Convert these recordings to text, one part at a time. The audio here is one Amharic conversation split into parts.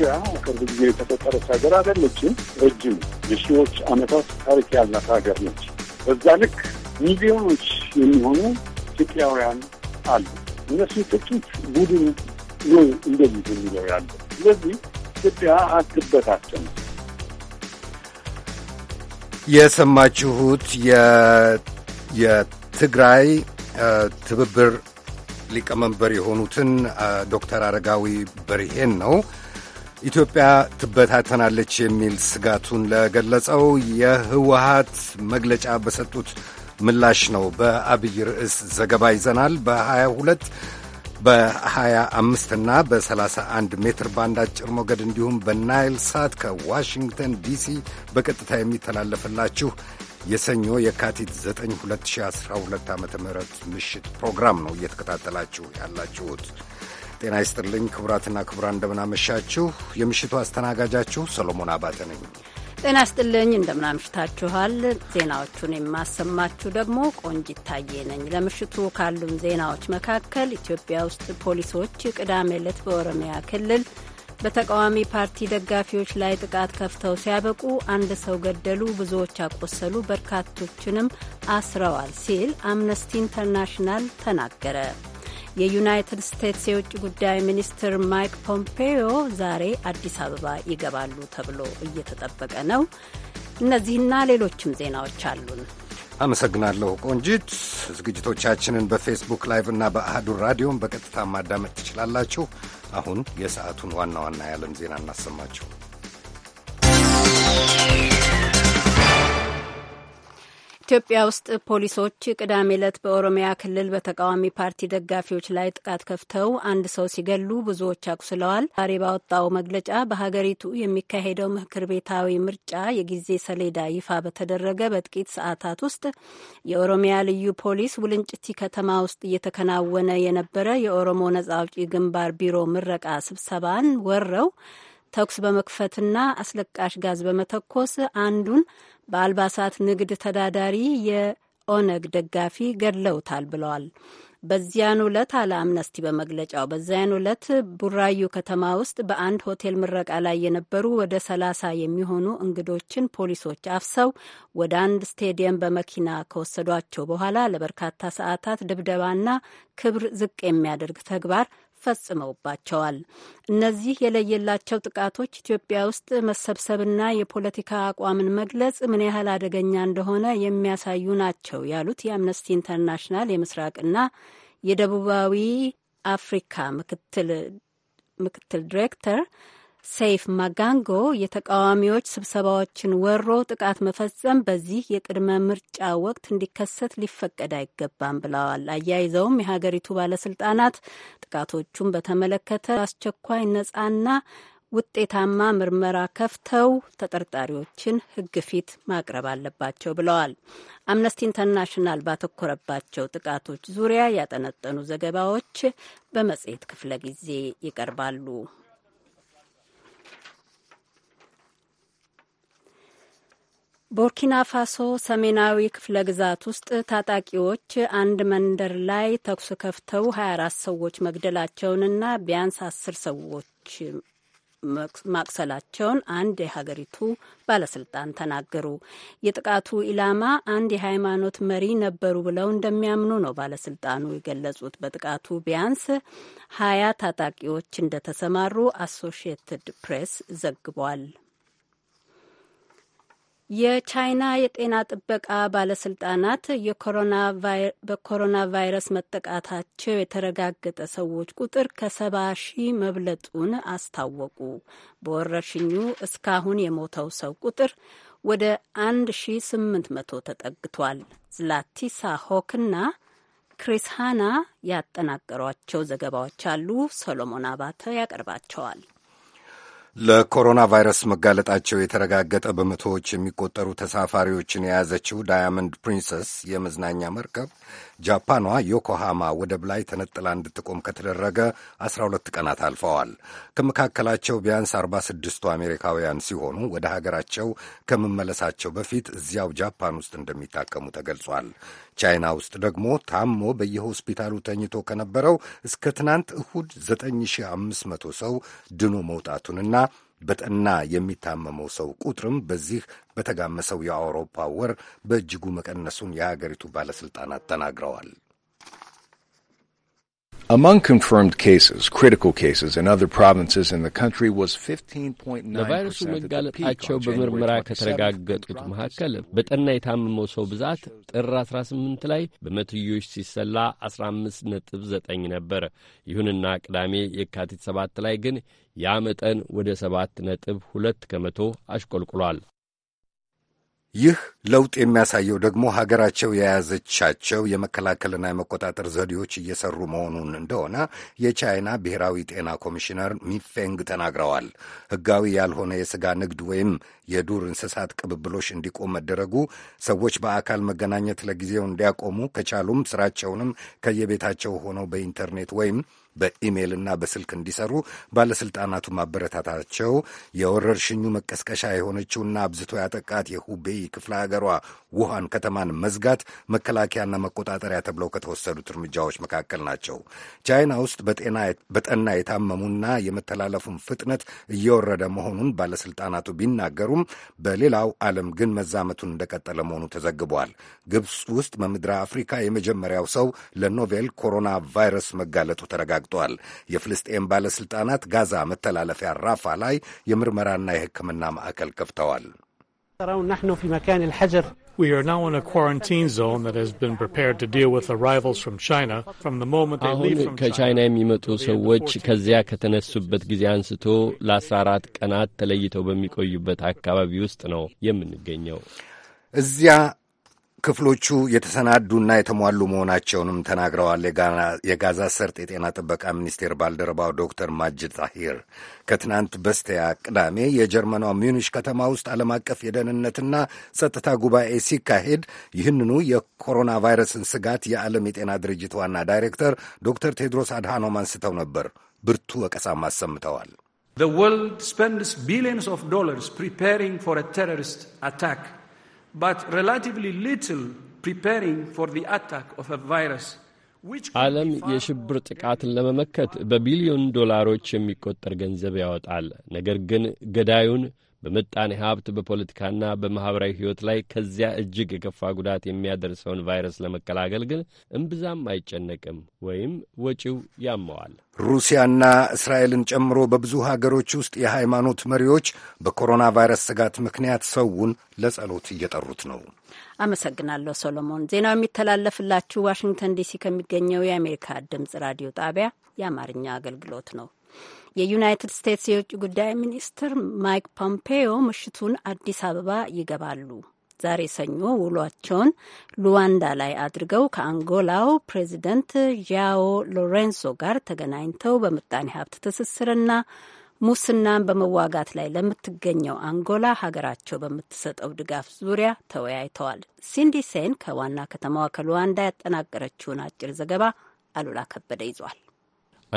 ኢትዮጵያ ቅርብ ጊዜ የተፈጠረች ሀገር አይደለችም። ረጅም የሺዎች ዓመታት ታሪክ ያላት ሀገር ነች። በዛ ልክ ሚሊዮኖች የሚሆኑ ኢትዮጵያውያን አሉ። እነሱ ጥቂት ቡድን ነው እንደዚህ የሚለው ያለ። ስለዚህ ኢትዮጵያ አትበታቸም። የሰማችሁት የትግራይ ትብብር ሊቀመንበር የሆኑትን ዶክተር አረጋዊ በርሄን ነው። ኢትዮጵያ ትበታተናለች የሚል ስጋቱን ለገለጸው የህወሀት መግለጫ በሰጡት ምላሽ ነው። በአብይ ርዕስ ዘገባ ይዘናል። በ22 በ25 እና በ31 ሜትር ባንድ አጭር ሞገድ እንዲሁም በናይል ሳት ከዋሽንግተን ዲሲ በቀጥታ የሚተላለፍላችሁ የሰኞ የካቲት 9 2012 ዓ ም ምሽት ፕሮግራም ነው እየተከታተላችሁ ያላችሁት። ጤና ይስጥልኝ ክቡራትና ክቡራን፣ እንደምናመሻችሁ። የምሽቱ አስተናጋጃችሁ ሰሎሞን አባተ ነኝ። ጤና ይስጥልኝ፣ እንደምናምሽታችኋል። ዜናዎቹን የማሰማችሁ ደግሞ ቆንጅ ይታዬ ነኝ። ለምሽቱ ካሉን ዜናዎች መካከል ኢትዮጵያ ውስጥ ፖሊሶች ቅዳሜ ዕለት በኦሮሚያ ክልል በተቃዋሚ ፓርቲ ደጋፊዎች ላይ ጥቃት ከፍተው ሲያበቁ አንድ ሰው ገደሉ፣ ብዙዎች አቆሰሉ፣ በርካቶችንም አስረዋል ሲል አምነስቲ ኢንተርናሽናል ተናገረ። የዩናይትድ ስቴትስ የውጭ ጉዳይ ሚኒስትር ማይክ ፖምፔዮ ዛሬ አዲስ አበባ ይገባሉ ተብሎ እየተጠበቀ ነው። እነዚህና ሌሎችም ዜናዎች አሉን። አመሰግናለሁ ቆንጂት። ዝግጅቶቻችንን በፌስቡክ ላይቭ እና በአህዱ ራዲዮም በቀጥታ ማዳመጥ ትችላላችሁ። አሁን የሰዓቱን ዋና ዋና የዓለም ዜና እናሰማችሁ። ኢትዮጵያ ውስጥ ፖሊሶች ቅዳሜ ዕለት በኦሮሚያ ክልል በተቃዋሚ ፓርቲ ደጋፊዎች ላይ ጥቃት ከፍተው አንድ ሰው ሲገሉ ብዙዎች አቁስለዋል። ዛሬ ባወጣው መግለጫ በሀገሪቱ የሚካሄደው ምክር ቤታዊ ምርጫ የጊዜ ሰሌዳ ይፋ በተደረገ በጥቂት ሰዓታት ውስጥ የኦሮሚያ ልዩ ፖሊስ ውልንጭቲ ከተማ ውስጥ እየተከናወነ የነበረ የኦሮሞ ነጻ አውጪ ግንባር ቢሮ ምረቃ ስብሰባን ወረው ተኩስ በመክፈትና አስለቃሽ ጋዝ በመተኮስ አንዱን በአልባሳት ንግድ ተዳዳሪ የኦነግ ደጋፊ ገድለውታል ብለዋል። በዚያን ዕለት አለ አምነስቲ በመግለጫው በዚያን ዕለት ቡራዩ ከተማ ውስጥ በአንድ ሆቴል ምረቃ ላይ የነበሩ ወደ ሰላሳ የሚሆኑ እንግዶችን ፖሊሶች አፍሰው ወደ አንድ ስቴዲየም በመኪና ከወሰዷቸው በኋላ ለበርካታ ሰዓታት ድብደባና ክብር ዝቅ የሚያደርግ ተግባር ፈጽመውባቸዋል። እነዚህ የለየላቸው ጥቃቶች ኢትዮጵያ ውስጥ መሰብሰብና የፖለቲካ አቋምን መግለጽ ምን ያህል አደገኛ እንደሆነ የሚያሳዩ ናቸው ያሉት የአምነስቲ ኢንተርናሽናል የምስራቅና የደቡባዊ አፍሪካ ምክትል ምክትል ዲሬክተር ሰይፍ ማጋንጎ የተቃዋሚዎች ስብሰባዎችን ወሮ ጥቃት መፈጸም በዚህ የቅድመ ምርጫ ወቅት እንዲከሰት ሊፈቀድ አይገባም ብለዋል። አያይዘውም የሀገሪቱ ባለስልጣናት ጥቃቶቹን በተመለከተ አስቸኳይ ነጻና ውጤታማ ምርመራ ከፍተው ተጠርጣሪዎችን ሕግ ፊት ማቅረብ አለባቸው ብለዋል። አምነስቲ ኢንተርናሽናል ባተኮረባቸው ጥቃቶች ዙሪያ ያጠነጠኑ ዘገባዎች በመጽሔት ክፍለ ጊዜ ይቀርባሉ። ቡርኪና ፋሶ ሰሜናዊ ክፍለ ግዛት ውስጥ ታጣቂዎች አንድ መንደር ላይ ተኩስ ከፍተው 24 ሰዎች መግደላቸውንና ቢያንስ አስር ሰዎች ማቁሰላቸውን አንድ የሀገሪቱ ባለስልጣን ተናገሩ። የጥቃቱ ኢላማ አንድ የሃይማኖት መሪ ነበሩ ብለው እንደሚያምኑ ነው ባለስልጣኑ የገለጹት። በጥቃቱ ቢያንስ ሀያ ታጣቂዎች እንደተሰማሩ አሶሺየትድ ፕሬስ ዘግቧል። የቻይና የጤና ጥበቃ ባለስልጣናት በኮሮና ቫይረስ መጠቃታቸው የተረጋገጠ ሰዎች ቁጥር ከሰባ ሺህ መብለጡን አስታወቁ። በወረርሽኙ እስካሁን የሞተው ሰው ቁጥር ወደ አንድ ሺ ስምንት መቶ ተጠግቷል። ዝላቲሳ ሆክና ክሪስ ሃና ያጠናቀሯቸው ዘገባዎች አሉ። ሰሎሞን አባተ ያቀርባቸዋል። ለኮሮና ቫይረስ መጋለጣቸው የተረጋገጠ በመቶዎች የሚቆጠሩ ተሳፋሪዎችን የያዘችው ዳያመንድ ፕሪንሰስ የመዝናኛ መርከብ ጃፓኗ ዮኮሃማ ወደብ ላይ ተነጥላ እንድትቆም ከተደረገ 12 ቀናት አልፈዋል። ከመካከላቸው ቢያንስ 46ቱ አሜሪካውያን ሲሆኑ ወደ ሀገራቸው ከመመለሳቸው በፊት እዚያው ጃፓን ውስጥ እንደሚታከሙ ተገልጿል። ቻይና ውስጥ ደግሞ ታሞ በየሆስፒታሉ ተኝቶ ከነበረው እስከ ትናንት እሁድ 9500 ሰው ድኖ መውጣቱንና በጠና የሚታመመው ሰው ቁጥርም በዚህ በተጋመሰው የአውሮፓ ወር በእጅጉ መቀነሱን የሀገሪቱ ባለሥልጣናት ተናግረዋል። Among confirmed cases, critical cases in other provinces in the country was 15.9%. ለቫይረሱ መጋለጣቸው በምርመራ ከተረጋገጡት መካከል በጠና የታመመው ሰው ብዛት ጥር 18 ላይ በመትዮሽ ሲሰላ 15.9 ነበር። ይሁንና ቅዳሜ የካቲት 7 ላይ ግን ያ መጠን ወደ ሰባት ነጥብ ሁለት ከመቶ አሽቆልቁሏል። ይህ ለውጥ የሚያሳየው ደግሞ ሀገራቸው የያዘቻቸው የመከላከልና የመቆጣጠር ዘዴዎች እየሰሩ መሆኑን እንደሆነ የቻይና ብሔራዊ ጤና ኮሚሽነር ሚፌንግ ተናግረዋል። ሕጋዊ ያልሆነ የሥጋ ንግድ ወይም የዱር እንስሳት ቅብብሎች እንዲቆም መደረጉ፣ ሰዎች በአካል መገናኘት ለጊዜው እንዲያቆሙ ከቻሉም ስራቸውንም ከየቤታቸው ሆነው በኢንተርኔት ወይም በኢሜይልና በስልክ እንዲሰሩ ባለሥልጣናቱ ማበረታታቸው የወረርሽኙ መቀስቀሻ የሆነችውና አብዝቶ ያጠቃት የሁቤይ ክፍለ ሀገሯ ውሃን ከተማን መዝጋት መከላከያና መቆጣጠሪያ ተብለው ከተወሰዱት እርምጃዎች መካከል ናቸው። ቻይና ውስጥ በጠና የታመሙና የመተላለፉን ፍጥነት እየወረደ መሆኑን ባለሥልጣናቱ ቢናገሩም በሌላው ዓለም ግን መዛመቱን እንደቀጠለ መሆኑ ተዘግቧል። ግብፅ ውስጥ በምድረ አፍሪካ የመጀመሪያው ሰው ለኖቬል ኮሮና ቫይረስ መጋለጡ ተረጋግጧል። አረጋግጧል። የፍልስጤም ባለሥልጣናት ጋዛ መተላለፊያ ራፋ ላይ የምርመራና የሕክምና ማዕከል ከፍተዋል። አሁን ከቻይና የሚመጡ ሰዎች ከዚያ ከተነሱበት ጊዜ አንስቶ ለ14 ቀናት ተለይተው በሚቆዩበት አካባቢ ውስጥ ነው የምንገኘው። እዚያ ክፍሎቹ የተሰናዱና የተሟሉ መሆናቸውንም ተናግረዋል። የጋዛ ሰርጥ የጤና ጥበቃ ሚኒስቴር ባልደረባው ዶክተር ማጅድ ጣሂር ከትናንት በስቲያ ቅዳሜ የጀርመኗ ሚኒሽ ከተማ ውስጥ ዓለም አቀፍ የደህንነትና ጸጥታ ጉባኤ ሲካሄድ ይህንኑ የኮሮና ቫይረስን ስጋት የዓለም የጤና ድርጅት ዋና ዳይሬክተር ዶክተር ቴድሮስ አድሃኖም አንስተው ነበር። ብርቱ ወቀሳም አሰምተዋል። The world spends billions of dollars but relatively little preparing for the attack of a virus. ዓለም የሽብር ጥቃትን ለመመከት በቢሊዮን ዶላሮች የሚቆጠር ገንዘብ ያወጣል። ነገር ግን ገዳዩን በምጣኔ ሀብት በፖለቲካና በማኅበራዊ ሕይወት ላይ ከዚያ እጅግ የከፋ ጉዳት የሚያደርሰውን ቫይረስ ለመከላከል ግን እምብዛም አይጨነቅም ወይም ወጪው ያመዋል። ሩሲያና እስራኤልን ጨምሮ በብዙ ሀገሮች ውስጥ የሃይማኖት መሪዎች በኮሮና ቫይረስ ስጋት ምክንያት ሰውን ለጸሎት እየጠሩት ነው። አመሰግናለሁ ሶሎሞን ዜናው የሚተላለፍላችሁ ዋሽንግተን ዲሲ ከሚገኘው የአሜሪካ ድምጽ ራዲዮ ጣቢያ የአማርኛ አገልግሎት ነው። የዩናይትድ ስቴትስ የውጭ ጉዳይ ሚኒስትር ማይክ ፖምፔዮ ምሽቱን አዲስ አበባ ይገባሉ። ዛሬ ሰኞ ውሏቸውን ሉዋንዳ ላይ አድርገው ከአንጎላው ፕሬዚደንት ዣኦ ሎሬንሶ ጋር ተገናኝተው በምጣኔ ሀብት ትስስርና ሙስናን በመዋጋት ላይ ለምትገኘው አንጎላ ሀገራቸው በምትሰጠው ድጋፍ ዙሪያ ተወያይተዋል። ሲንዲሴን ከዋና ከተማዋ ከሉዋንዳ ያጠናቀረችውን አጭር ዘገባ አሉላ ከበደ ይዟል።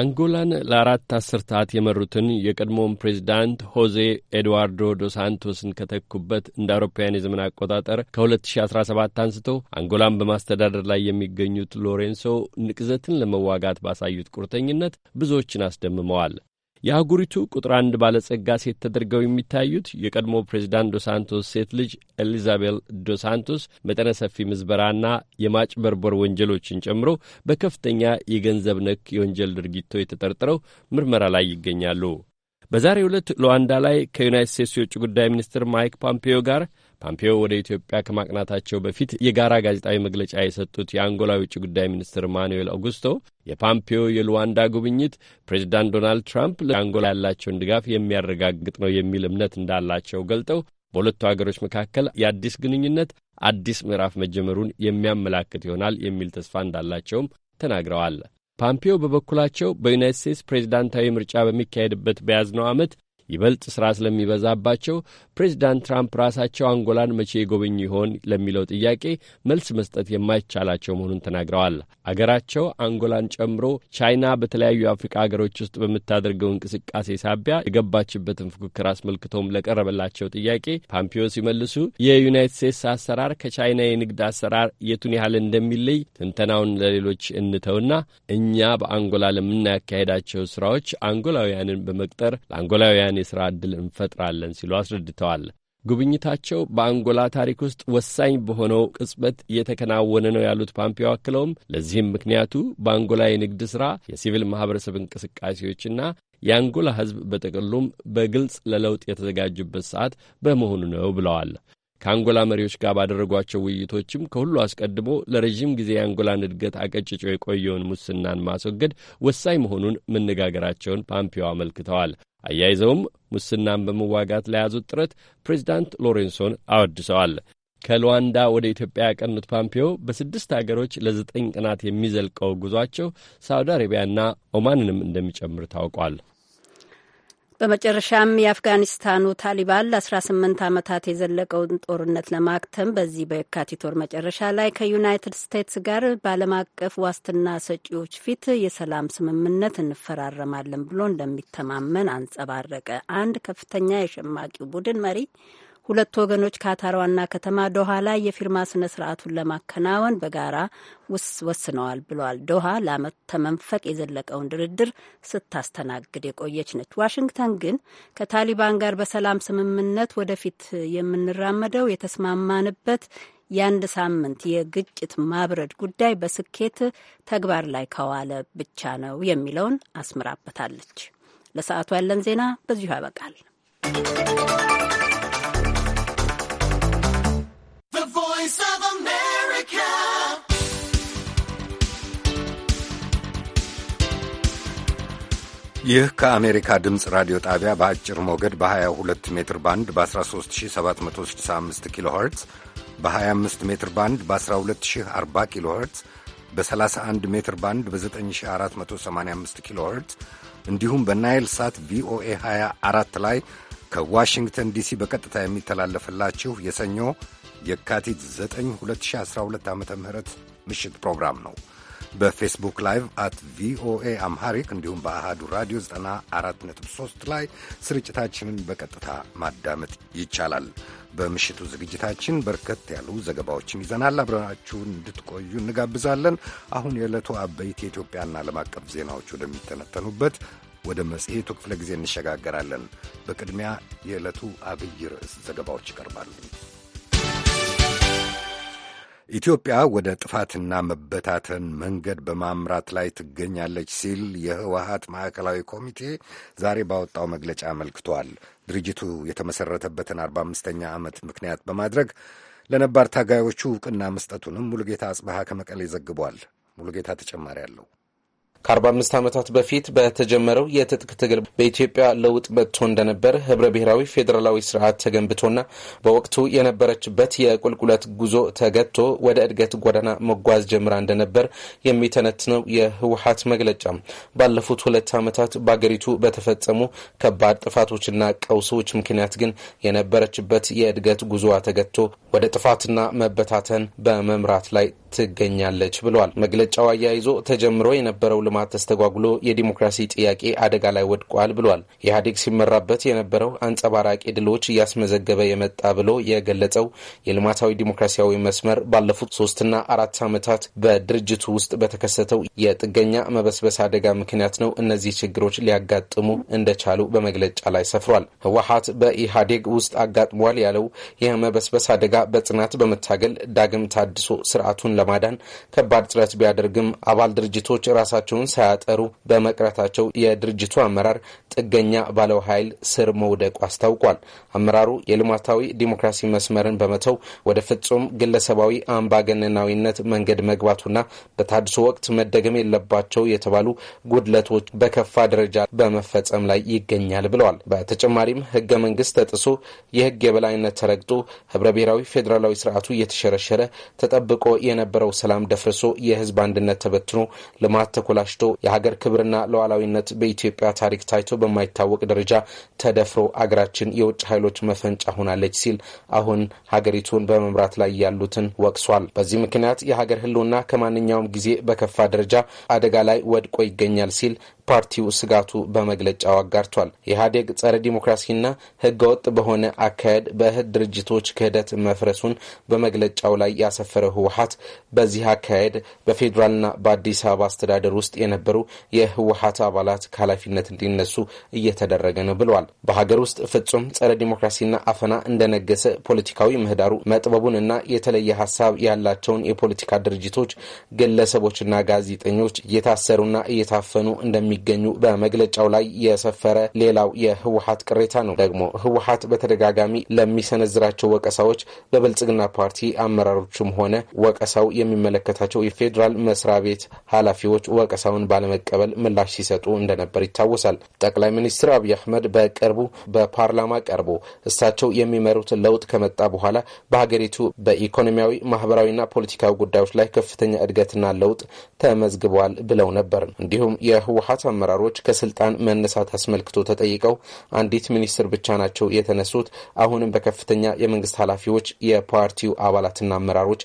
አንጎላን ለአራት አስርታት የመሩትን የቀድሞውን ፕሬዚዳንት ሆዜ ኤድዋርዶ ዶሳንቶስን ከተኩበት እንደ አውሮፓውያን የዘመን አቆጣጠር ከ2017 አንስቶ አንጎላን በማስተዳደር ላይ የሚገኙት ሎሬንሶ ንቅዘትን ለመዋጋት ባሳዩት ቁርጠኝነት ብዙዎችን አስደምመዋል። የአህጉሪቱ ቁጥር አንድ ባለጸጋ ሴት ተደርገው የሚታዩት የቀድሞ ፕሬዚዳንት ዶሳንቶስ ሴት ልጅ ኤሊዛቤል ዶሳንቶስ መጠነ ሰፊ ምዝበራና የማጭበርበር ወንጀሎችን ጨምሮ በከፍተኛ የገንዘብ ነክ የወንጀል ድርጊቶች ተጠርጥረው ምርመራ ላይ ይገኛሉ። በዛሬ ዕለት ሉዋንዳ ላይ ከዩናይት ስቴትስ የውጭ ጉዳይ ሚኒስትር ማይክ ፖምፔዮ ጋር ፓምፒዮ ወደ ኢትዮጵያ ከማቅናታቸው በፊት የጋራ ጋዜጣዊ መግለጫ የሰጡት የአንጎላ የውጭ ጉዳይ ሚኒስትር ማኑኤል አውጉስቶ የፓምፒዮ የሉዋንዳ ጉብኝት ፕሬዚዳንት ዶናልድ ትራምፕ ለአንጎላ ያላቸውን ድጋፍ የሚያረጋግጥ ነው የሚል እምነት እንዳላቸው ገልጠው በሁለቱ አገሮች መካከል የአዲስ ግንኙነት አዲስ ምዕራፍ መጀመሩን የሚያመላክት ይሆናል የሚል ተስፋ እንዳላቸውም ተናግረዋል። ፓምፒዮ በበኩላቸው በዩናይት ስቴትስ ፕሬዚዳንታዊ ምርጫ በሚካሄድበት በያዝነው ዓመት ይበልጥ ሥራ ስለሚበዛባቸው ፕሬዚዳንት ትራምፕ ራሳቸው አንጎላን መቼ የጎበኙ ይሆን ለሚለው ጥያቄ መልስ መስጠት የማይቻላቸው መሆኑን ተናግረዋል። አገራቸው አንጎላን ጨምሮ ቻይና በተለያዩ የአፍሪካ አገሮች ውስጥ በምታደርገው እንቅስቃሴ ሳቢያ የገባችበትን ፉክክር አስመልክቶም ለቀረበላቸው ጥያቄ ፓምፒዮ ሲመልሱ የዩናይትድ ስቴትስ አሰራር ከቻይና የንግድ አሰራር የቱን ያህል እንደሚለይ ትንተናውን ለሌሎች እንተውና እኛ በአንጎላ ለምናካሄዳቸው ስራዎች አንጎላውያንን በመቅጠር ለአንጎላውያን የሥራ ዕድል እንፈጥራለን ሲሉ አስረድተዋል። ጉብኝታቸው በአንጎላ ታሪክ ውስጥ ወሳኝ በሆነው ቅጽበት እየተከናወነ ነው ያሉት ፓምፒዮ አክለውም ለዚህም ምክንያቱ በአንጎላ የንግድ ሥራ፣ የሲቪል ማኅበረሰብ እንቅስቃሴዎችና የአንጎላ ሕዝብ በጥቅሉም በግልጽ ለለውጥ የተዘጋጁበት ሰዓት በመሆኑ ነው ብለዋል። ከአንጎላ መሪዎች ጋር ባደረጓቸው ውይይቶችም ከሁሉ አስቀድሞ ለረዥም ጊዜ የአንጎላን እድገት አቀጭጮ የቆየውን ሙስናን ማስወገድ ወሳኝ መሆኑን መነጋገራቸውን ፓምፒዮ አመልክተዋል። አያይዘውም ሙስናን በመዋጋት ለያዙት ጥረት ፕሬዚዳንት ሎሬንሶን አወድሰዋል። ከሉዋንዳ ወደ ኢትዮጵያ ያቀኑት ፓምፒዮ በስድስት አገሮች ለዘጠኝ ቀናት የሚዘልቀው ጉዟቸው ሳውዲ አረቢያና ኦማንንም እንደሚጨምር ታውቋል። በመጨረሻም የአፍጋኒስታኑ ታሊባን ለ18 ዓመታት የዘለቀውን ጦርነት ለማክተም በዚህ በየካቲት ወር መጨረሻ ላይ ከዩናይትድ ስቴትስ ጋር በዓለም አቀፍ ዋስትና ሰጪዎች ፊት የሰላም ስምምነት እንፈራረማለን ብሎ እንደሚተማመን አንጸባረቀ። አንድ ከፍተኛ የሸማቂው ቡድን መሪ ሁለቱ ወገኖች ካታር ዋና ከተማ ዶሃ ላይ የፊርማ ስነ ስርዓቱን ለማከናወን በጋራ ወስነዋል ብለዋል። ዶሃ ለአመት ተመንፈቅ የዘለቀውን ድርድር ስታስተናግድ የቆየች ነች። ዋሽንግተን ግን ከታሊባን ጋር በሰላም ስምምነት ወደፊት የምንራመደው የተስማማንበት የአንድ ሳምንት የግጭት ማብረድ ጉዳይ በስኬት ተግባር ላይ ከዋለ ብቻ ነው የሚለውን አስምራበታለች። ለሰዓቱ ያለን ዜና በዚሁ ያበቃል። Voice of America. ይህ ከአሜሪካ ድምፅ ራዲዮ ጣቢያ በአጭር ሞገድ በ22 ሜትር ባንድ በ13765 ኪሎ ኸርትዝ በ25 ሜትር ባንድ በ1240 ኪሎ ኸርትዝ በ31 ሜትር ባንድ በ9485 ኪሎ ኸርትዝ እንዲሁም በናይል ሳት ቪኦኤ 24 ላይ ከዋሽንግተን ዲሲ በቀጥታ የሚተላለፍላችሁ የሰኞ የካቲት 9 2012 ዓ ም ምሽት ፕሮግራም ነው። በፌስቡክ ላይቭ አት ቪኦኤ አምሃሪክ እንዲሁም በአሃዱ ራዲዮ 94.3 ላይ ስርጭታችንን በቀጥታ ማዳመጥ ይቻላል። በምሽቱ ዝግጅታችን በርከት ያሉ ዘገባዎችን ይዘናል። አብረናችሁን እንድትቆዩ እንጋብዛለን። አሁን የዕለቱ አበይት የኢትዮጵያና ዓለም አቀፍ ዜናዎች ወደሚተነተኑበት ወደ መጽሔቱ ክፍለ ጊዜ እንሸጋገራለን። በቅድሚያ የዕለቱ አብይ ርዕስ ዘገባዎች ይቀርባሉ። ኢትዮጵያ ወደ ጥፋትና መበታተን መንገድ በማምራት ላይ ትገኛለች ሲል የህወሀት ማዕከላዊ ኮሚቴ ዛሬ ባወጣው መግለጫ አመልክቷል። ድርጅቱ የተመሠረተበትን አርባ አምስተኛ ዓመት ምክንያት በማድረግ ለነባር ታጋዮቹ እውቅና መስጠቱንም ሙሉጌታ አጽብሃ ከመቀሌ ዘግቧል። ሙሉጌታ ተጨማሪ አለው። ከ45 ዓመታት በፊት በተጀመረው የትጥቅ ትግል በኢትዮጵያ ለውጥ መጥቶ እንደነበር ህብረ ብሔራዊ ፌዴራላዊ ስርዓት ተገንብቶና በወቅቱ የነበረችበት የቁልቁለት ጉዞ ተገጥቶ ወደ እድገት ጎዳና መጓዝ ጀምራ እንደነበር የሚተነትነው የህወሀት መግለጫ ባለፉት ሁለት ዓመታት በአገሪቱ በተፈጸሙ ከባድ ጥፋቶችና ቀውሶች ምክንያት ግን የነበረችበት የእድገት ጉዞዋ ተገጥቶ ወደ ጥፋትና መበታተን በመምራት ላይ ትገኛለች ብለዋል። መግለጫው አያይዞ ተጀምሮ የነበረው ልማት ተስተጓጉሎ የዲሞክራሲ ጥያቄ አደጋ ላይ ወድቋል ብሏል። ኢህአዴግ ሲመራበት የነበረው አንጸባራቂ ድሎች እያስመዘገበ የመጣ ብሎ የገለጸው የልማታዊ ዲሞክራሲያዊ መስመር ባለፉት ሶስትና አራት ዓመታት በድርጅቱ ውስጥ በተከሰተው የጥገኛ መበስበስ አደጋ ምክንያት ነው እነዚህ ችግሮች ሊያጋጥሙ እንደቻሉ በመግለጫ ላይ ሰፍሯል። ህወሀት በኢህአዴግ ውስጥ አጋጥሟል ያለው የመበስበስ አደጋ በጽናት በመታገል ዳግም ታድሶ ስርዓቱን ለማዳን ከባድ ጥረት ቢያደርግም አባል ድርጅቶች ራሳቸውን ስራቸውን ሳያጠሩ በመቅረታቸው የድርጅቱ አመራር ጥገኛ ባለው ኃይል ስር መውደቁ አስታውቋል። አመራሩ የልማታዊ ዲሞክራሲ መስመርን በመተው ወደ ፍጹም ግለሰባዊ አምባገነናዊነት መንገድ መግባቱና በታድሶ ወቅት መደገም የለባቸው የተባሉ ጉድለቶች በከፋ ደረጃ በመፈጸም ላይ ይገኛል ብለዋል። በተጨማሪም ህገ መንግስት ተጥሶ የህግ የበላይነት ተረግጦ ህብረ ብሔራዊ ፌዴራላዊ ስርዓቱ እየተሸረሸረ ተጠብቆ የነበረው ሰላም ደፍርሶ የህዝብ አንድነት ተበትኖ ልማት ተኮላሽ ተወስዶ የሀገር ክብርና ሉዓላዊነት በኢትዮጵያ ታሪክ ታይቶ በማይታወቅ ደረጃ ተደፍሮ አገራችን የውጭ ኃይሎች መፈንጫ ሆናለች ሲል አሁን ሀገሪቱን በመምራት ላይ ያሉትን ወቅሷል። በዚህ ምክንያት የሀገር ህልውና ከማንኛውም ጊዜ በከፋ ደረጃ አደጋ ላይ ወድቆ ይገኛል ሲል ፓርቲው ስጋቱ በመግለጫው አጋርቷል። ኢህአዴግ ጸረ ዲሞክራሲና ወጥ በሆነ አካሄድ በእህት ድርጅቶች ክህደት መፍረሱን በመግለጫው ላይ ያሰፈረው ህወሀት በዚህ አካሄድ በፌዴራልና በአዲስ አበባ አስተዳደር ውስጥ የነበሩ የህወሀት አባላት ከኃላፊነት እንዲነሱ እየተደረገ ነው ብለዋል። በሀገር ውስጥ ፍጹም ጸረ ዲሞክራሲና አፈና እንደነገሰ ፖለቲካዊ ምህዳሩ መጥበቡንና የተለየ ሀሳብ ያላቸውን የፖለቲካ ድርጅቶች ግለሰቦችና ጋዜጠኞች እየታሰሩና እየታፈኑ እንደሚገኙ በመግለጫው ላይ የሰፈረ ሌላው የህወሀት ቅሬታ ነው። ደግሞ ህወሀት በተደጋጋሚ ለሚሰነዝራቸው ወቀሳዎች በብልጽግና ፓርቲ አመራሮችም ሆነ ወቀሳው የሚመለከታቸው የፌዴራል መስሪያ ቤት ኃላፊዎች ወቀሳው ሁኔታውን ባለመቀበል ምላሽ ሲሰጡ እንደነበር ይታወሳል። ጠቅላይ ሚኒስትር አብይ አህመድ በቅርቡ በፓርላማ ቀርቦ እሳቸው የሚመሩት ለውጥ ከመጣ በኋላ በሀገሪቱ በኢኮኖሚያዊ ማህበራዊና ፖለቲካዊ ጉዳዮች ላይ ከፍተኛ እድገትና ለውጥ ተመዝግበዋል ብለው ነበር። እንዲሁም የህወሀት አመራሮች ከስልጣን መነሳት አስመልክቶ ተጠይቀው አንዲት ሚኒስትር ብቻ ናቸው የተነሱት፣ አሁንም በከፍተኛ የመንግስት ኃላፊዎች የፓርቲው አባላትና አመራሮች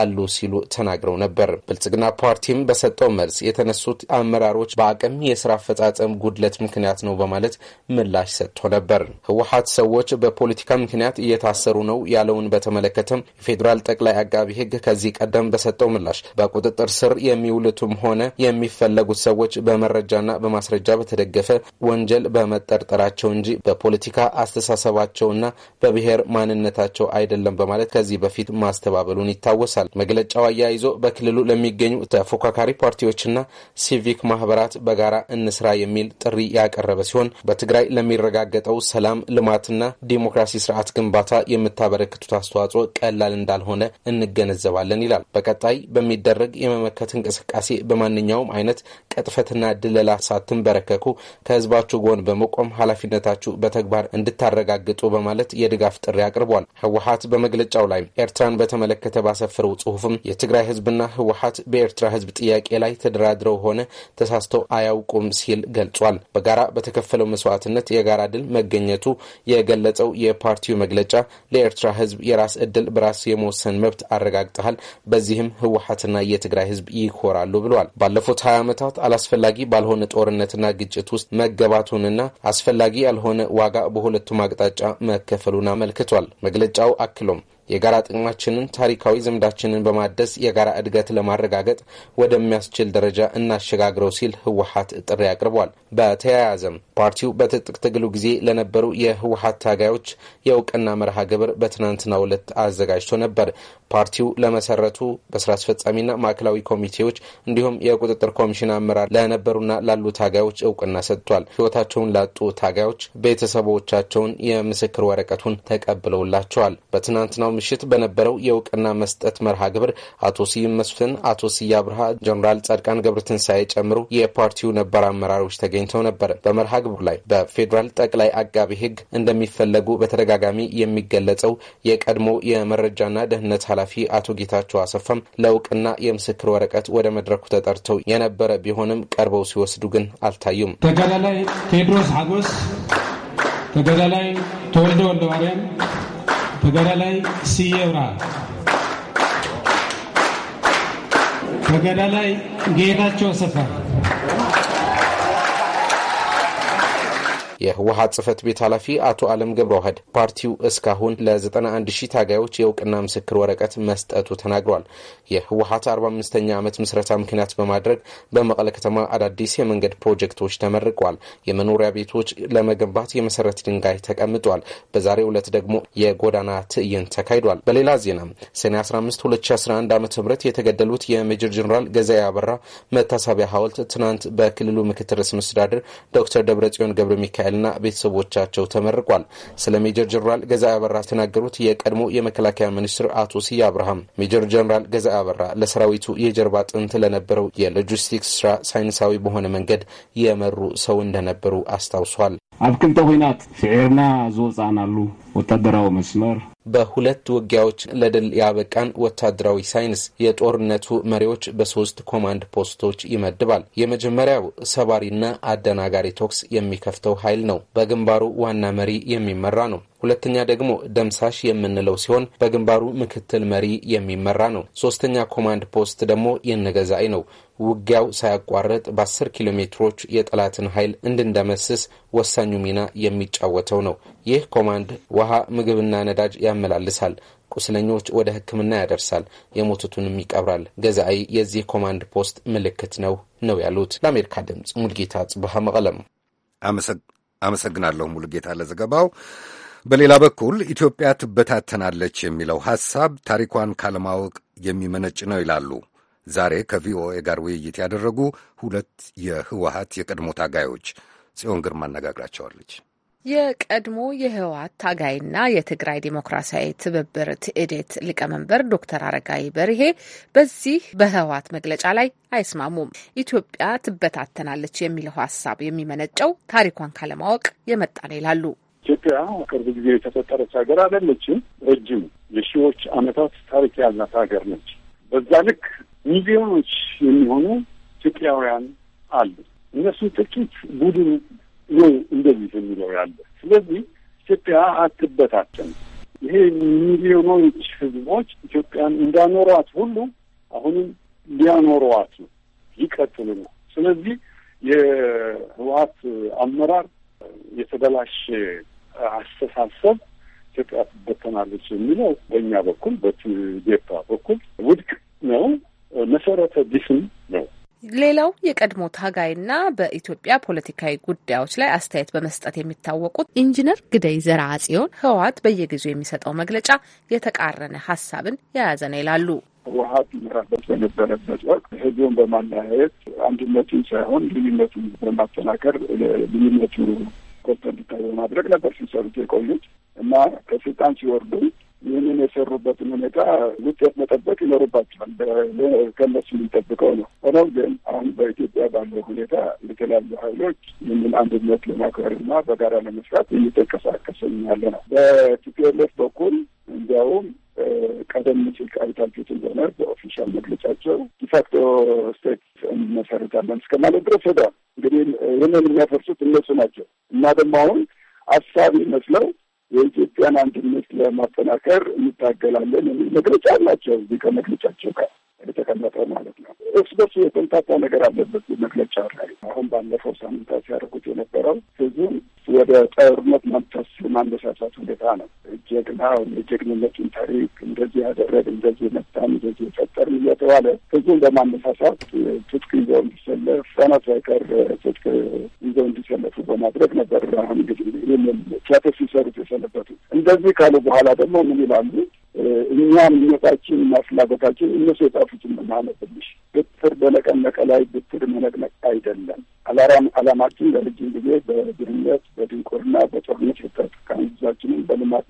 አሉ ሲሉ ተናግረው ነበር። ብልጽግና ፓርቲም በሰጠው መልስ የተነሱ የተነሱት አመራሮች በአቅም የስራ አፈጻጸም ጉድለት ምክንያት ነው በማለት ምላሽ ሰጥቶ ነበር። ህወሀት ሰዎች በፖለቲካ ምክንያት እየታሰሩ ነው ያለውን በተመለከተም የፌዴራል ጠቅላይ አቃቢ ህግ ከዚህ ቀደም በሰጠው ምላሽ በቁጥጥር ስር የሚውሉትም ሆነ የሚፈለጉት ሰዎች በመረጃና በማስረጃ በተደገፈ ወንጀል በመጠርጠራቸው እንጂ በፖለቲካ አስተሳሰባቸውና በብሔር ማንነታቸው አይደለም በማለት ከዚህ በፊት ማስተባበሉን ይታወሳል። መግለጫው አያይዞ በክልሉ ለሚገኙ ተፎካካሪ ፓርቲዎችና ሲቪክ ማህበራት በጋራ እንስራ የሚል ጥሪ ያቀረበ ሲሆን በትግራይ ለሚረጋገጠው ሰላም፣ ልማትና ዲሞክራሲ ስርዓት ግንባታ የምታበረክቱት አስተዋጽኦ ቀላል እንዳልሆነ እንገነዘባለን ይላል። በቀጣይ በሚደረግ የመመከት እንቅስቃሴ በማንኛውም አይነት ቅጥፈትና ድለላ ሳትንበረከኩ ከህዝባችሁ ጎን በመቆም ኃላፊነታችሁ በተግባር እንድታረጋግጡ በማለት የድጋፍ ጥሪ አቅርቧል። ህወሀት በመግለጫው ላይ ኤርትራን በተመለከተ ባሰፈረው ጽሁፍም የትግራይ ህዝብና ህወሀት በኤርትራ ህዝብ ጥያቄ ላይ ተደራድረው ሆነ ተሳስተው አያውቁም ሲል ገልጿል። በጋራ በተከፈለው መስዋዕትነት የጋራ ድል መገኘቱ የገለጸው የፓርቲው መግለጫ ለኤርትራ ህዝብ የራስ እድል በራስ የመወሰን መብት አረጋግጠሃል፣ በዚህም ህወሀትና የትግራይ ሕዝብ ይኮራሉ ብሏል። ባለፉት ሀያ ዓመታት አላስፈላጊ ባልሆነ ጦርነትና ግጭት ውስጥ መገባቱንና አስፈላጊ ያልሆነ ዋጋ በሁለቱም አቅጣጫ መከፈሉን አመልክቷል። መግለጫው አክሎም የጋራ ጥቅማችንን፣ ታሪካዊ ዝምዳችንን በማደስ የጋራ እድገት ለማረጋገጥ ወደሚያስችል ደረጃ እናሸጋግረው ሲል ህወሀት ጥሪ አቅርቧል። በተያያዘም ፓርቲው በትጥቅ ትግሉ ጊዜ ለነበሩ የህወሀት ታጋዮች የእውቅና መርሃ ግብር በትናንትናው ዕለት አዘጋጅቶ ነበር። ፓርቲው ለመሰረቱ በስራ አስፈጻሚና ማዕከላዊ ኮሚቴዎች እንዲሁም የቁጥጥር ኮሚሽን አመራር ለነበሩና ላሉ ታጋዮች እውቅና ሰጥቷል። ህይወታቸውን ላጡ ታጋዮች ቤተሰቦቻቸውን የምስክር ወረቀቱን ተቀብለውላቸዋል። በትናንትናው በትናንትናው ምሽት በነበረው የእውቅና መስጠት መርሃ ግብር አቶ ስዩም መስፍን፣ አቶ ስዬ አብርሃ፣ ጀኔራል ጻድቃን ገብረትንሳኤ ጨምሮ የፓርቲው ነባር አመራሮች ተገኝተው ነበር። በመርሃ ግብሩ ላይ በፌዴራል ጠቅላይ አቃቢ ሕግ እንደሚፈለጉ በተደጋጋሚ የሚገለጸው የቀድሞ የመረጃና ደህንነት ኃላፊ አቶ ጌታቸው አሰፋም ለእውቅና የምስክር ወረቀት ወደ መድረኩ ተጠርተው የነበረ ቢሆንም ቀርበው ሲወስዱ ግን አልታዩም። ተጋዳላይ ቴድሮስ ሀጎስ፣ ተጋዳላይ ተወልደ ወልደ ማርያም፣ በገዳ ላይ ሲየውራ በገዳ ላይ ጌታቸው ሰፈር የህወሀት ጽህፈት ቤት ኃላፊ አቶ አለም ገብረ ዋህድ ፓርቲው እስካሁን ለ91 ሺህ ታጋዮች የእውቅና ምስክር ወረቀት መስጠቱ ተናግሯል። የህወሀት 45ኛ ዓመት ምስረታ ምክንያት በማድረግ በመቀለ ከተማ አዳዲስ የመንገድ ፕሮጀክቶች ተመርቋል። የመኖሪያ ቤቶች ለመገንባት የመሰረት ድንጋይ ተቀምጧል። በዛሬው ዕለት ደግሞ የጎዳና ትዕይንት ተካሂዷል። በሌላ ዜና ሰኔ 15 2011 ዓ ም የተገደሉት የሜጀር ጀኔራል ገዛ ያበራ መታሰቢያ ሐውልት ትናንት በክልሉ ምክትል ርዕሰ መስተዳድር ዶክተር ደብረጽዮን ገብረ ሚካኤል እና ቤተሰቦቻቸው ተመርቋል። ስለ ሜጀር ጀኔራል ገዛ አበራ የተናገሩት የቀድሞ የመከላከያ ሚኒስትር አቶ ስዬ አብርሃም ሜጀር ጀኔራል ገዛ አበራ ለሰራዊቱ የጀርባ አጥንት ለነበረው የሎጂስቲክስ ስራ ሳይንሳዊ በሆነ መንገድ የመሩ ሰው እንደነበሩ አስታውሷል። ኣብ ክልተ ኩናት ስዒርና ወታደራዊ መስመር በሁለት ውጊያዎች ለድል ያበቃን ወታደራዊ ሳይንስ የጦርነቱ መሪዎች በሶስት ኮማንድ ፖስቶች ይመድባል። የመጀመሪያው ሰባሪና አደናጋሪ ቶክስ የሚከፍተው ኃይል ነው። በግንባሩ ዋና መሪ የሚመራ ነው። ሁለተኛ ደግሞ ደምሳሽ የምንለው ሲሆን በግንባሩ ምክትል መሪ የሚመራ ነው። ሶስተኛ ኮማንድ ፖስት ደግሞ የነገዛይ ነው። ውጊያው ሳያቋረጥ በአስር ኪሎ ሜትሮች የጠላትን ኃይል እንድንደመስስ ወሳኙ ሚና የሚጫወተው ነው። ይህ ኮማንድ ውሃ፣ ምግብና ነዳጅ ያመላልሳል፣ ቁስለኞች ወደ ሕክምና ያደርሳል፣ የሞቱትንም ይቀብራል። ገዛኢ የዚህ ኮማንድ ፖስት ምልክት ነው ነው ያሉት። ለአሜሪካ ድምፅ ሙልጌታ ጽብሃ መቀለም። አመሰግናለሁ ሙልጌታ ለዘገባው። በሌላ በኩል ኢትዮጵያ ትበታተናለች የሚለው ሐሳብ ታሪኳን ካለማወቅ የሚመነጭ ነው ይላሉ ዛሬ ከቪኦኤ ጋር ውይይት ያደረጉ ሁለት የህወሀት የቀድሞ ታጋዮች ጽዮን ግርማ አነጋግራቸዋለች። የቀድሞ የህወሀት ታጋይና የትግራይ ዴሞክራሲያዊ ትብብር ትዕዴት ሊቀመንበር ዶክተር አረጋይ በርሄ በዚህ በህወሀት መግለጫ ላይ አይስማሙም። ኢትዮጵያ ትበታተናለች የሚለው ሀሳብ የሚመነጨው ታሪኳን ካለማወቅ የመጣ ነው ይላሉ። ኢትዮጵያ ቅርብ ጊዜ የተፈጠረች ሀገር አይደለችም። ረጅም የሺዎች ዓመታት ታሪክ ያላት ሀገር ነች። በዛ ልክ ሚሊዮኖች የሚሆኑ ኢትዮጵያውያን አሉ። እነሱ ጥቂት ቡድን ነው እንደዚህ የሚለው ያለ። ስለዚህ ኢትዮጵያ አትበታተን። ይሄ ሚሊዮኖች ህዝቦች ኢትዮጵያን እንዳኖሯት ሁሉ አሁንም ሊያኖሯት ነው፣ ይቀጥሉ ነው። ስለዚህ የህወሀት አመራር የተበላሸ አስተሳሰብ ኢትዮጵያ ትበተናለች የሚለው በእኛ በኩል በትዴፓ በኩል ውድቅ ነው። መሰረተ ቢስ ነው። ሌላው የቀድሞ ታጋይና በኢትዮጵያ ፖለቲካዊ ጉዳዮች ላይ አስተያየት በመስጠት የሚታወቁት ኢንጂነር ግደይ ዘርአጽዮን ህወሀት በየጊዜው የሚሰጠው መግለጫ የተቃረነ ሀሳብን የያዘ ነው ይላሉ። ህወሀት ይመራበት በነበረበት ወቅት ህዝቡን በማለያየት አንድነቱን ሳይሆን ልዩነቱን በማጠናከር ልዩነቱ ኮንተንድታ በማድረግ ነበር ሲሰሩት የቆዩት እና ከስልጣን ሲወርዱ ይህንን የሰሩበትን ሁኔታ ውጤት መጠበቅ ይኖርባቸዋል። ከነሱ የሚጠብቀው ነው። ሆኖም ግን አሁን በኢትዮጵያ ባለው ሁኔታ የተለያዩ ኃይሎች ይህንን አንድነት ለማክበርና በጋራ ለመስራት እየተንቀሳቀስን ያለ ነው። በቲፒኤልኤፍ በኩል እንዲያውም ቀደም ሲል አይታችሁት እንደሆነ በኦፊሻል መግለጫቸው ዲፋክቶ ስቴት እንመሰረታለን እስከ ማለት ድረስ ሄደዋል። እንግዲህ ይህንን የሚያፈርሱት እነሱ ናቸው እና ደግሞ አሁን አሳቢ ይመስለው የኢትዮጵያን አንድነት ለማጠናከር እንታገላለን የሚል መግለጫ አላቸው። እዚህ ከመግለጫቸው ጋር የተቀመጠ ማለት ነው። እርስ በርሱ የተንታታ ነገር አለበት መግለጫ ላይ አሁን ባለፈው ሳምንታት ሲያደርጉት የነበረው ህዝብ ወደ ጦርነት ማምታስ ማነሳሳት ሁኔታ ነው። ጀግናው የጀግንነቱን ታሪክ እንደዚህ ያደረግ እንደዚህ መጣን እንደዚህ የፈጠርን እየተባለ ህዝቡን በማነሳሳት ትጥቅ ይዘው እንዲሰለፍ ህጻናት ሳይቀር ትጥቅ ይዘው እንዲሰለፉ በማድረግ ነበር። አሁን እንግዲህ ይህንን ቲያትር ሲሰሩት የሰለበቱ እንደዚህ ካሉ በኋላ ደግሞ ምን ይላሉ? እኛ ምኞታችን እና ፍላጎታችን እነሱ የጻፉትን ማነትልሽ ብትር በነቀነቀ ላይ ብትር መነቅነቅ አይደለም። አላራም አላማችን ለረጅም ጊዜ በድህነት በድንቁርና በጦርነት የታጠ መልካም ህዝባችንን በልማት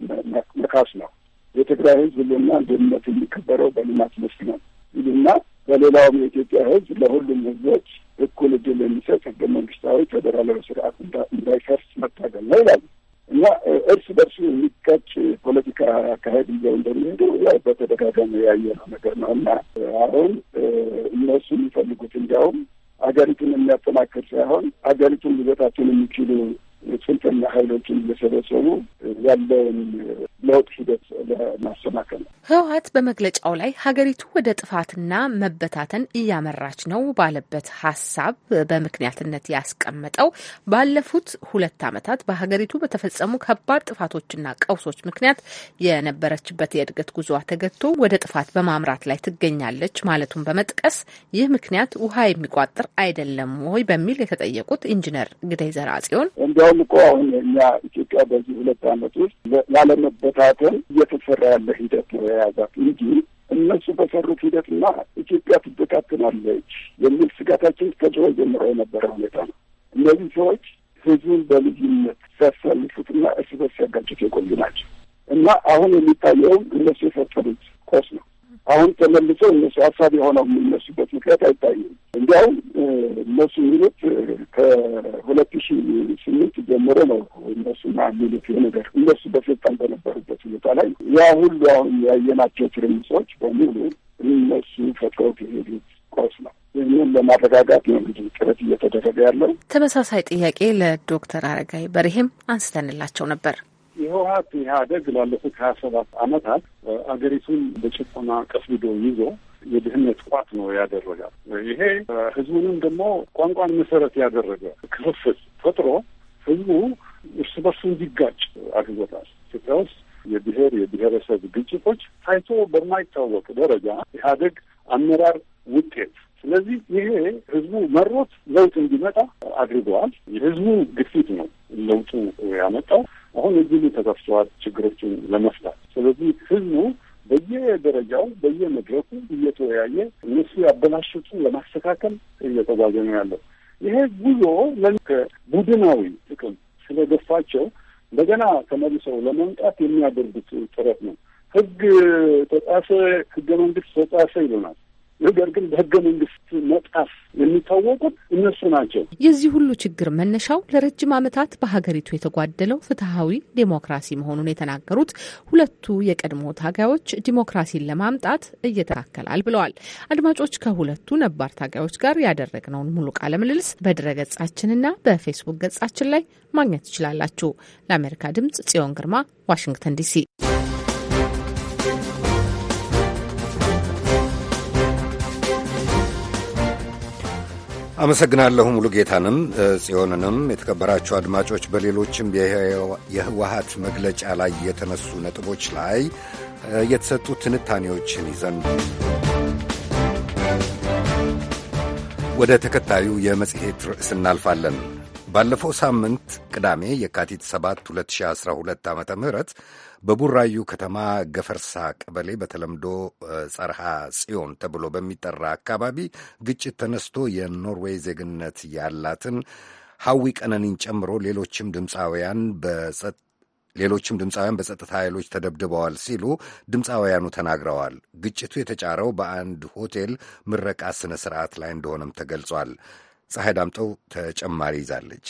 መካስ ነው። የትግራይ ህዝብ ልና አንድነት የሚከበረው በልማት መስክ ነው ይልና በሌላውም የኢትዮጵያ ህዝብ ለሁሉም ህዝቦች እኩል እድል የሚሰጥ ህገ መንግስታዊ ፌዴራላዊ ስርዓት እንዳይፈርስ መታገል ነው ይላሉ እና እርስ በርሱ የሚቀጭ ፖለቲካ አካሄድ ይዘው እንደሚሄዱ ያው በተደጋጋሚ ያየነው ነገር ነው እና አሁን እነሱ የሚፈልጉት እንዲያውም አገሪቱን የሚያጠናክር ሳይሆን አገሪቱን ሊበታትን የሚችሉ ስልጠና ኃይሎችን እየሰበሰቡ ያለውን ለውጥ ሂደት ለማሰናከል ነው። ህወሀት በመግለጫው ላይ ሀገሪቱ ወደ ጥፋትና መበታተን እያመራች ነው ባለበት ሀሳብ በምክንያትነት ያስቀመጠው ባለፉት ሁለት ዓመታት በሀገሪቱ በተፈጸሙ ከባድ ጥፋቶችና ቀውሶች ምክንያት የነበረችበት የእድገት ጉዞዋ ተገድቶ ወደ ጥፋት በማምራት ላይ ትገኛለች ማለቱን በመጥቀስ ይህ ምክንያት ውሃ የሚቋጥር አይደለም ወይ በሚል የተጠየቁት ኢንጂነር ግደይ ዘርአጽዮን እንዲያውም እኮ አሁን እኛ ኢትዮጵያ በዚህ ሁለት ዓመት ውስጥ ላለመበታተን እየተሰራ ያለ ሂደት ነው የያዛት እንጂ እነሱ በሰሩት ሂደትና ኢትዮጵያ ትበታተናለች የሚል ስጋታችን ከድሮ ጀምሮ የነበረ ሁኔታ ነው። እነዚህ ሰዎች ህዝቡን በልዩነት ሲያሳልፉትና እርስ በርስ ሲያጋጭት የቆዩ ናቸው እና አሁን የሚታየውም እነሱ የፈጠሩት ኮስ ነው። አሁን ተመልሶ እነሱ ሀሳብ የሆነው የሚነሱበት ምክንያት አይታይም። እንዲያውም እነሱ የሚሉት ከሁለት ሺ ስምንት ጀምሮ ነው እነሱና የሚሉት ነገር እነሱ በስልጣን በነበሩበት ሁኔታ ላይ ያ ሁሉ አሁን ያየናቸው ትርምሶች በሙሉ እነሱ ፈጥረው የሄዱት ቆስ ነው። ይህንን ለማረጋጋት ነው እንግዲህ ጥረት እየተደረገ ያለው። ተመሳሳይ ጥያቄ ለዶክተር አረጋይ በርሄም አንስተንላቸው ነበር። ህወሀት ኢህአደግ ላለፉት ሀያ ሰባት አመታት አገሪቱን በጭቆና ቀፍድዶ ይዞ የድህነት ቋት ነው ያደረጋል። ይሄ ህዝቡንም ደግሞ ቋንቋን መሰረት ያደረገ ክፍፍል ፈጥሮ ህዝቡ እርስ በርሱ እንዲጋጭ አድርጎታል። ኢትዮጵያ ውስጥ የብሔር የብሔረሰብ ግጭቶች ታይቶ በማይታወቅ ደረጃ ኢህአደግ አመራር ውጤት ስለዚህ ይሄ ህዝቡ መሮት ለውጥ እንዲመጣ አድርገዋል። የህዝቡ ግፊት ነው ለውጡ ያመጣው። አሁን እድሉ ተከፍተዋል ችግሮችን ለመፍታት። ስለዚህ ህዝቡ በየደረጃው በየመድረኩ እየተወያየ እነሱ ያበላሹትን ለማስተካከል እየተጓዘ ነው ያለው። ይሄ ጉዞ ከቡድናዊ ጥቅም ስለገፋቸው እንደገና ተመልሰው ለመምጣት የሚያደርጉት ጥረት ነው። ህግ ተጣሰ፣ ህገ መንግስት ተጣሰ ይሉናል። ነገር ግን በህገ መንግስት መጣፍ የሚታወቁት እነሱ ናቸው። የዚህ ሁሉ ችግር መነሻው ለረጅም ዓመታት በሀገሪቱ የተጓደለው ፍትሐዊ ዴሞክራሲ መሆኑን የተናገሩት ሁለቱ የቀድሞ ታጋዮች ዲሞክራሲን ለማምጣት እየተካከላል ብለዋል። አድማጮች ከሁለቱ ነባር ታጋዮች ጋር ያደረግነውን ሙሉ ቃለ ምልልስ በድረ ገጻችንና በፌስቡክ ገጻችን ላይ ማግኘት ትችላላችሁ። ለአሜሪካ ድምጽ ጽዮን ግርማ ዋሽንግተን ዲሲ አመሰግናለሁ ሙሉ ጌታንም ጽዮንንም። የተከበራችሁ አድማጮች በሌሎችም የህወሀት መግለጫ ላይ የተነሱ ነጥቦች ላይ የተሰጡ ትንታኔዎችን ይዘን ወደ ተከታዩ የመጽሔት ርዕስ እናልፋለን። ባለፈው ሳምንት ቅዳሜ የካቲት 7 2012 ዓ ም በቡራዩ ከተማ ገፈርሳ ቀበሌ በተለምዶ ጸርሃ ጽዮን ተብሎ በሚጠራ አካባቢ ግጭት ተነስቶ የኖርዌይ ዜግነት ያላትን ሐዊ ቀነኒን ጨምሮ ሌሎችም ድምፃውያን በጸጥ ሌሎችም ድምፃውያን በጸጥታ ኃይሎች ተደብድበዋል ሲሉ ድምፃውያኑ ተናግረዋል። ግጭቱ የተጫረው በአንድ ሆቴል ምረቃ ስነ-ስርዓት ላይ እንደሆነም ተገልጿል። ፀሐይ ዳምጠው ተጨማሪ ይዛለች።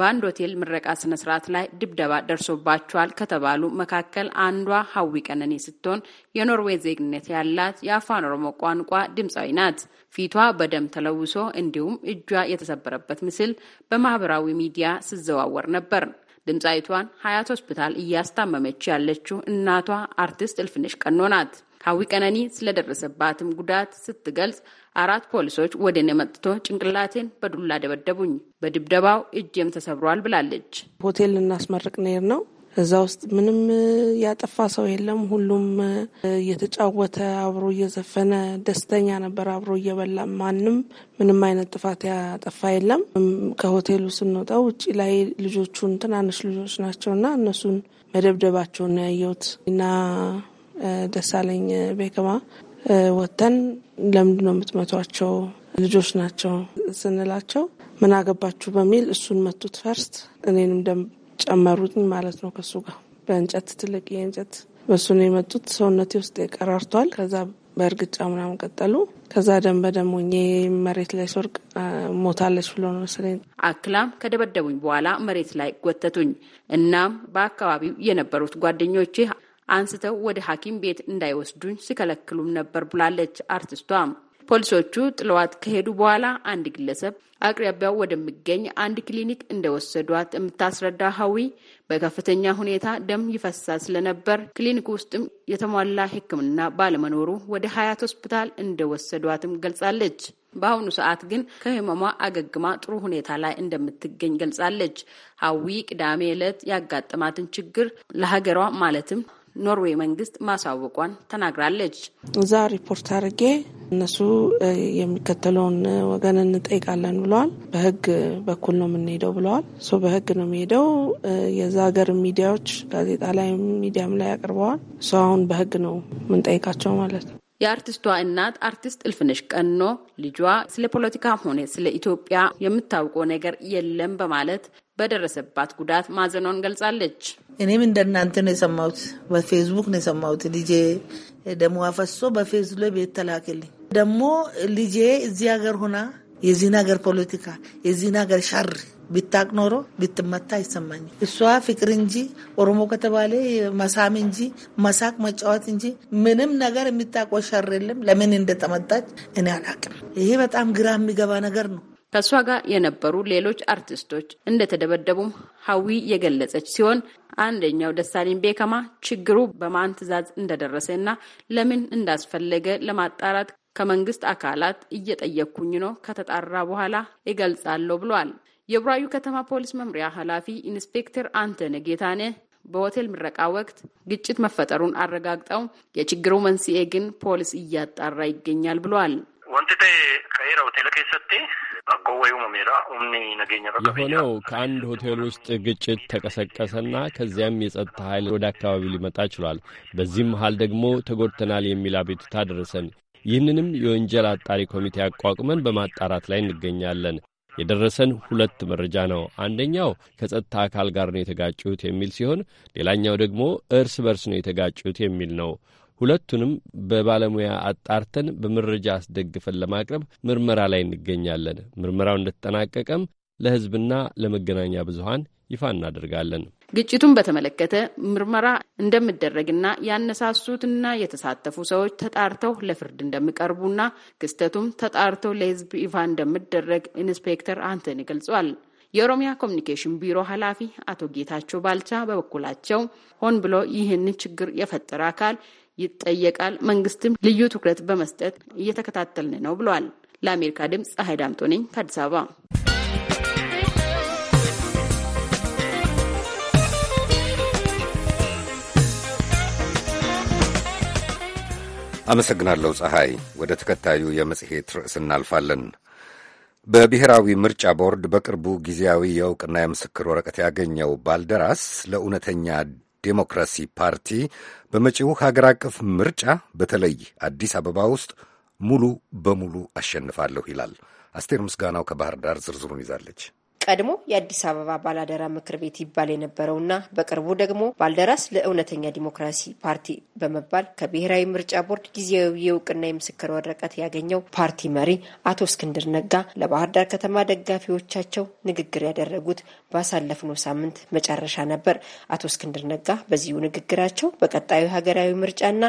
በአንድ ሆቴል ምረቃ ስነ ስርዓት ላይ ድብደባ ደርሶባቸዋል ከተባሉ መካከል አንዷ ሀዊ ቀነኔ ስትሆን የኖርዌይ ዜግነት ያላት የአፋን ኦሮሞ ቋንቋ ድምፃዊ ናት። ፊቷ በደም ተለውሶ እንዲሁም እጇ የተሰበረበት ምስል በማህበራዊ ሚዲያ ስዘዋወር ነበር። ድምፃዊቷን ሀያት ሆስፒታል እያስታመመች ያለችው እናቷ አርቲስት እልፍነሽ ቀኖ ናት። ሀዊ ቀነኒ ስለደረሰባትም ጉዳት ስትገልጽ አራት ፖሊሶች ወደ እኔ መጥቶ ጭንቅላቴን በዱላ ደበደቡኝ፣ በድብደባው እጄም ተሰብሯል ብላለች። ሆቴል ልናስመርቅ ነር ነው። እዛ ውስጥ ምንም ያጠፋ ሰው የለም። ሁሉም እየተጫወተ አብሮ እየዘፈነ ደስተኛ ነበር፣ አብሮ እየበላ ማንም ምንም አይነት ጥፋት ያጠፋ የለም። ከሆቴሉ ስንወጣ ውጭ ላይ ልጆቹን ትናንሽ ልጆች ናቸውና እነሱን መደብደባቸውን ያየሁት እና ደሳለኝ ቤከማ ወጥተን ለምንድን ነው የምትመቷቸው ልጆች ናቸው ስንላቸው ምን አገባችሁ በሚል እሱን መቱት። ፈርስት እኔንም ደም ጨመሩኝ ማለት ነው ከሱ ጋር በእንጨት ትልቅ የእንጨት ነው የመጡት ሰውነቴ ውስጥ የቀራርቷል። ከዛ በእርግጫ ምናምን ቀጠሉ። ከዛ ደም በደም ሆኜ መሬት ላይ ስወርቅ ሞታለች ብሎ ነው መሰለኝ። አክላም ከደበደቡኝ በኋላ መሬት ላይ ጎተቱኝ። እናም በአካባቢው የነበሩት ጓደኞቼ አንስተው ወደ ሐኪም ቤት እንዳይወስዱኝ ሲከለክሉም ነበር ብላለች አርቲስቷ። ፖሊሶቹ ጥለዋት ከሄዱ በኋላ አንድ ግለሰብ አቅራቢያው ወደሚገኝ አንድ ክሊኒክ እንደወሰዷት የምታስረዳ ሀዊ በከፍተኛ ሁኔታ ደም ይፈሳ ስለነበር ክሊኒክ ውስጥም የተሟላ ሕክምና ባለመኖሩ ወደ ሀያት ሆስፒታል እንደወሰዷትም ገልጻለች። በአሁኑ ሰዓት ግን ከህመሟ አገግማ ጥሩ ሁኔታ ላይ እንደምትገኝ ገልጻለች። ሀዊ ቅዳሜ ዕለት ያጋጠማትን ችግር ለሀገሯ ማለትም ኖርዌይ መንግስት ማሳወቋን ተናግራለች። እዛ ሪፖርት አድርጌ እነሱ የሚከተለውን ወገን እንጠይቃለን ብለዋል። በህግ በኩል ነው የምንሄደው ብለዋል። ሶ በህግ ነው የሚሄደው። የዛ ሀገር ሚዲያዎች ጋዜጣ ላይ ሚዲያም ላይ አቅርበዋል። ሶ አሁን በህግ ነው የምንጠይቃቸው ማለት ነው። የአርቲስቷ እናት አርቲስት እልፍነሽ ቀኖ ልጇ ስለ ፖለቲካም ሆነ ስለ ኢትዮጵያ የምታውቀው ነገር የለም በማለት በደረሰባት ጉዳት ማዘኗን ገልጻለች። እኔም እንደናንተ ነው የሰማሁት፣ በፌስቡክ ነው የሰማሁት። ልጄ ደሞ አፈሶ በፌስ ላይ ቤት ተላክልኝ። ደግሞ ልጄ እዚህ ሀገር ሆና የዚህን ሀገር ፖለቲካ የዚህን ሀገር ሻር ቢታቅ ኖሮ ቢትመታ አይሰማኝ። እሷ ፍቅር እንጂ ኦሮሞ ከተባለ መሳም እንጂ መሳቅ መጫወት እንጂ ምንም ነገር የሚታቆ የለም። ለምን እንደተመጣች እኔ አላቅም። ይሄ በጣም ግራ የሚገባ ነገር ነው። ከእሷ ጋር የነበሩ ሌሎች አርቲስቶች እንደተደበደቡም ሀዊ የገለጸች ሲሆን አንደኛው ደሳለኝ ቤከማ ችግሩ በማን ትዕዛዝ እንደደረሰ እና ለምን እንዳስፈለገ ለማጣራት ከመንግስት አካላት እየጠየቅኩኝ ነው፣ ከተጣራ በኋላ እገልጻለሁ ብሏል። የቡራዩ ከተማ ፖሊስ መምሪያ ኃላፊ ኢንስፔክተር አንተነ ጌታነ በሆቴል ምረቃ ወቅት ግጭት መፈጠሩን አረጋግጠው የችግሩ መንስኤ ግን ፖሊስ እያጣራ ይገኛል ወንቲቴ ከሄረ ሆቴል የሆነው ከአንድ ሆቴል ውስጥ ግጭት ተቀሰቀሰና ከዚያም የጸጥታ ኃይል ወደ አካባቢ ሊመጣ ችሏል። በዚህም መሀል ደግሞ ተጎድተናል የሚል አቤቱታ ደረሰን። ይህንንም የወንጀል አጣሪ ኮሚቴ አቋቁመን በማጣራት ላይ እንገኛለን። የደረሰን ሁለት መረጃ ነው። አንደኛው ከጸጥታ አካል ጋር ነው የተጋጩት የሚል ሲሆን፣ ሌላኛው ደግሞ እርስ በርስ ነው የተጋጩት የሚል ነው። ሁለቱንም በባለሙያ አጣርተን በመረጃ አስደግፈን ለማቅረብ ምርመራ ላይ እንገኛለን። ምርመራው እንደተጠናቀቀም ለሕዝብና ለመገናኛ ብዙሃን ይፋ እናደርጋለን። ግጭቱን በተመለከተ ምርመራ እንደሚደረግና ያነሳሱትና የተሳተፉ ሰዎች ተጣርተው ለፍርድ እንደሚቀርቡና ክስተቱም ተጣርተው ለሕዝብ ይፋ እንደሚደረግ ኢንስፔክተር አንተን ገልጿል። የኦሮሚያ ኮሚኒኬሽን ቢሮ ኃላፊ አቶ ጌታቸው ባልቻ በበኩላቸው ሆን ብሎ ይህን ችግር የፈጠረ አካል ይጠየቃል። መንግስትም ልዩ ትኩረት በመስጠት እየተከታተልን ነው ብለዋል። ለአሜሪካ ድምፅ ፀሐይ ዳምጦ ነኝ ከአዲስ አበባ። አመሰግናለሁ ፀሐይ። ወደ ተከታዩ የመጽሔት ርዕስ እናልፋለን። በብሔራዊ ምርጫ ቦርድ በቅርቡ ጊዜያዊ የእውቅና የምስክር ወረቀት ያገኘው ባልደራስ ለእውነተኛ ዴሞክራሲ ፓርቲ በመጪው ሀገር አቀፍ ምርጫ በተለይ አዲስ አበባ ውስጥ ሙሉ በሙሉ አሸንፋለሁ ይላል። አስቴር ምስጋናው ከባህር ዳር ዝርዝሩን ይዛለች። ቀድሞ የአዲስ አበባ ባላደራ ምክር ቤት ይባል የነበረውና በቅርቡ ደግሞ ባልደራስ ለእውነተኛ ዲሞክራሲ ፓርቲ በመባል ከብሔራዊ ምርጫ ቦርድ ጊዜያዊ የእውቅና የምስክር ወረቀት ያገኘው ፓርቲ መሪ አቶ እስክንድር ነጋ ለባህር ዳር ከተማ ደጋፊዎቻቸው ንግግር ያደረጉት ባሳለፍነው ሳምንት መጨረሻ ነበር። አቶ እስክንድር ነጋ በዚሁ ንግግራቸው በቀጣዩ ሀገራዊ ምርጫና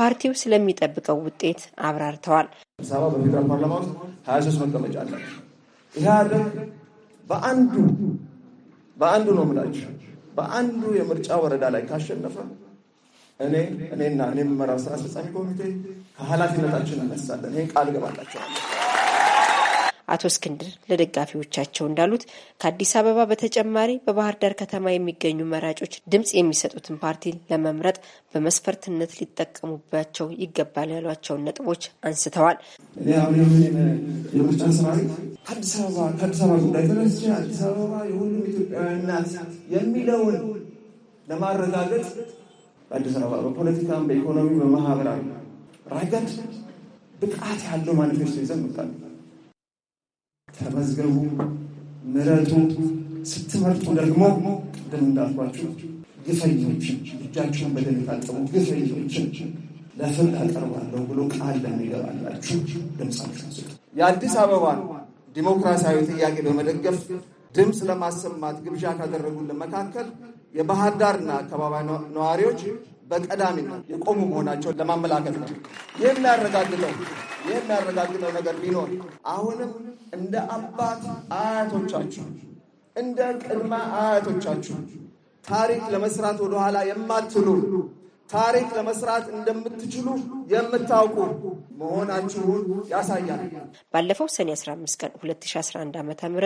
ፓርቲው ስለሚጠብቀው ውጤት አብራርተዋል። አዲስ አበባ በፌዴራል ፓርላማ ውስጥ ሀያ ሶስት መቀመጫ አለ። በአንዱ በአንዱ ነው የምላችሁ በአንዱ የምርጫ ወረዳ ላይ ካሸነፈ እኔ እኔና እኔ የምመራው ስራ አስፈጻሚ ኮሚቴ ከኃላፊነታችን እነሳለን። ይህን ቃል እገባላችኋለሁ። አቶ እስክንድር ለደጋፊዎቻቸው እንዳሉት ከአዲስ አበባ በተጨማሪ በባህር ዳር ከተማ የሚገኙ መራጮች ድምፅ የሚሰጡትን ፓርቲ ለመምረጥ በመስፈርትነት ሊጠቀሙባቸው ይገባል ያሏቸውን ነጥቦች አንስተዋል። አዲስ አበባ ከአዲስ አበባ ጉዳይ ተነስቼ አዲስ አበባ የሁሉም ኢትዮጵያውያን ናት የሚለውን ለማረጋገጥ በአዲስ አበባ በፖለቲካም፣ በኢኮኖሚ፣ በማህበራዊ ረገድ ብቃት ያለው ማኒፌስቶ ይዘን መጣል ተመዝገቡ፣ ምረጡ። ስትመርጡ ደግሞ ቅድም እንዳልኳችሁ ግፈኞችን፣ እጃቸውን በደም የታጠቡ ግፈኞችን ለፍርድ አቀርባለሁ ብሎ ቃል ለሚገባላችሁ ድምፃችሁን ስጡ። የአዲስ አበባን ዲሞክራሲያዊ ጥያቄ በመደገፍ ድምፅ ለማሰማት ግብዣ ካደረጉልን መካከል የባህር ዳርና አካባቢ ነዋሪዎች በቀዳሚነት የቆሙ መሆናቸውን ለማመላከት ነው። ይህ የሚያረጋግጠው የሚያረጋግጠው ነገር ቢኖር አሁንም እንደ አባት አያቶቻችሁ እንደ ቅድመ አያቶቻችሁ ታሪክ ለመስራት ወደኋላ የማትሉ ታሪክ ለመስራት እንደምትችሉ የምታውቁ መሆናችሁን ያሳያል። ባለፈው ሰኔ 15 ቀን 2011 ዓ ም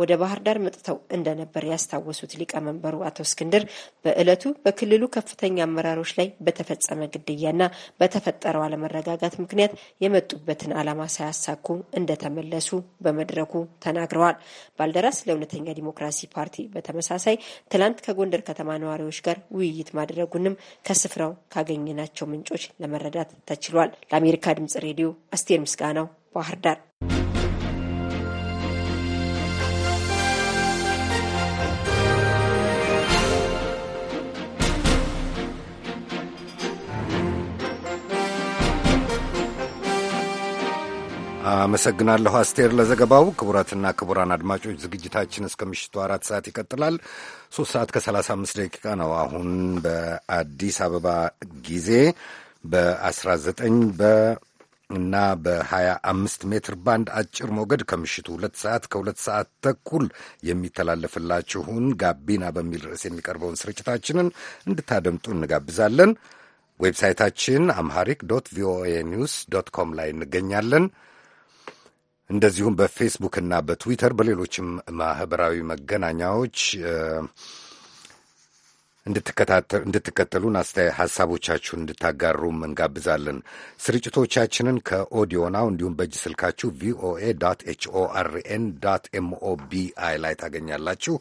ወደ ባህር ዳር መጥተው እንደነበር ያስታወሱት ሊቀመንበሩ አቶ እስክንድር በዕለቱ በክልሉ ከፍተኛ አመራሮች ላይ በተፈጸመ ግድያና በተፈጠረው አለመረጋጋት ምክንያት የመጡበትን ዓላማ ሳያሳኩ እንደተመለሱ በመድረኩ ተናግረዋል። ባልደራስ ለእውነተኛ ዲሞክራሲ ፓርቲ በተመሳሳይ ትላንት ከጎንደር ከተማ ነዋሪዎች ጋር ውይይት ማድረጉንም ከስፍራው ካገኘናቸው ምንጮች ለመረዳት ተችሏል። ለአሜሪካ ድምጽ ሬዲዮ አስቴር ምስጋናው ባህር ዳር። አመሰግናለሁ አስቴር ለዘገባው። ክቡራትና ክቡራን አድማጮች ዝግጅታችን እስከ ምሽቱ አራት ሰዓት ይቀጥላል። ሶስት ሰዓት ከሰላሳ አምስት ደቂቃ ነው አሁን በአዲስ አበባ ጊዜ በ19 በ እና በ25 ሜትር ባንድ አጭር ሞገድ ከምሽቱ ሁለት ሰዓት ከሁለት ሰዓት ተኩል የሚተላለፍላችሁን ጋቢና በሚል ርዕስ የሚቀርበውን ስርጭታችንን እንድታደምጡ እንጋብዛለን። ዌብሳይታችን አምሃሪክ ዶት ቪኦኤ ኒውስ ዶት ኮም ላይ እንገኛለን። እንደዚሁም በፌስቡክ እና በትዊተር በሌሎችም ማህበራዊ መገናኛዎች እንድትከተሉን ሀሳቦቻችሁን እንድታጋሩም እንጋብዛለን። ስርጭቶቻችንን ከኦዲዮ ናው እንዲሁም በእጅ ስልካችሁ ቪኦኤ ዶት ዶት ኤምኦቢአይ ላይ ታገኛላችሁ።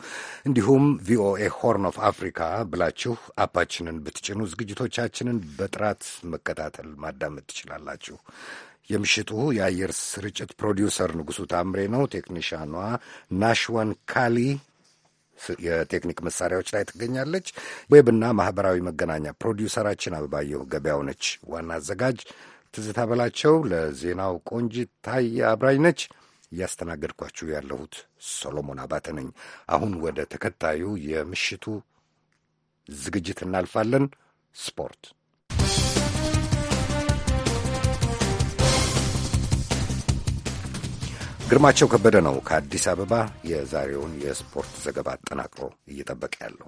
እንዲሁም ቪኦኤ ሆርን ኦፍ አፍሪካ ብላችሁ አፓችንን ብትጭኑ ዝግጅቶቻችንን በጥራት መከታተል ማዳመጥ ትችላላችሁ። የምሽቱ የአየር ስርጭት ፕሮዲውሰር ንጉሡ ታምሬ ነው። ቴክኒሻኗ ናሽዋን ካሊ የቴክኒክ መሳሪያዎች ላይ ትገኛለች። ዌብና ማህበራዊ መገናኛ ፕሮዲውሰራችን አበባየሁ ገበያው ነች። ዋና አዘጋጅ ትዝታ በላቸው፣ ለዜናው ቆንጂት ታዬ አብራኝ ነች። እያስተናገድኳችሁ ያለሁት ሶሎሞን አባተ ነኝ። አሁን ወደ ተከታዩ የምሽቱ ዝግጅት እናልፋለን። ስፖርት ግርማቸው ከበደ ነው ከአዲስ አበባ የዛሬውን የስፖርት ዘገባ አጠናቅሮ እየጠበቀ ያለው።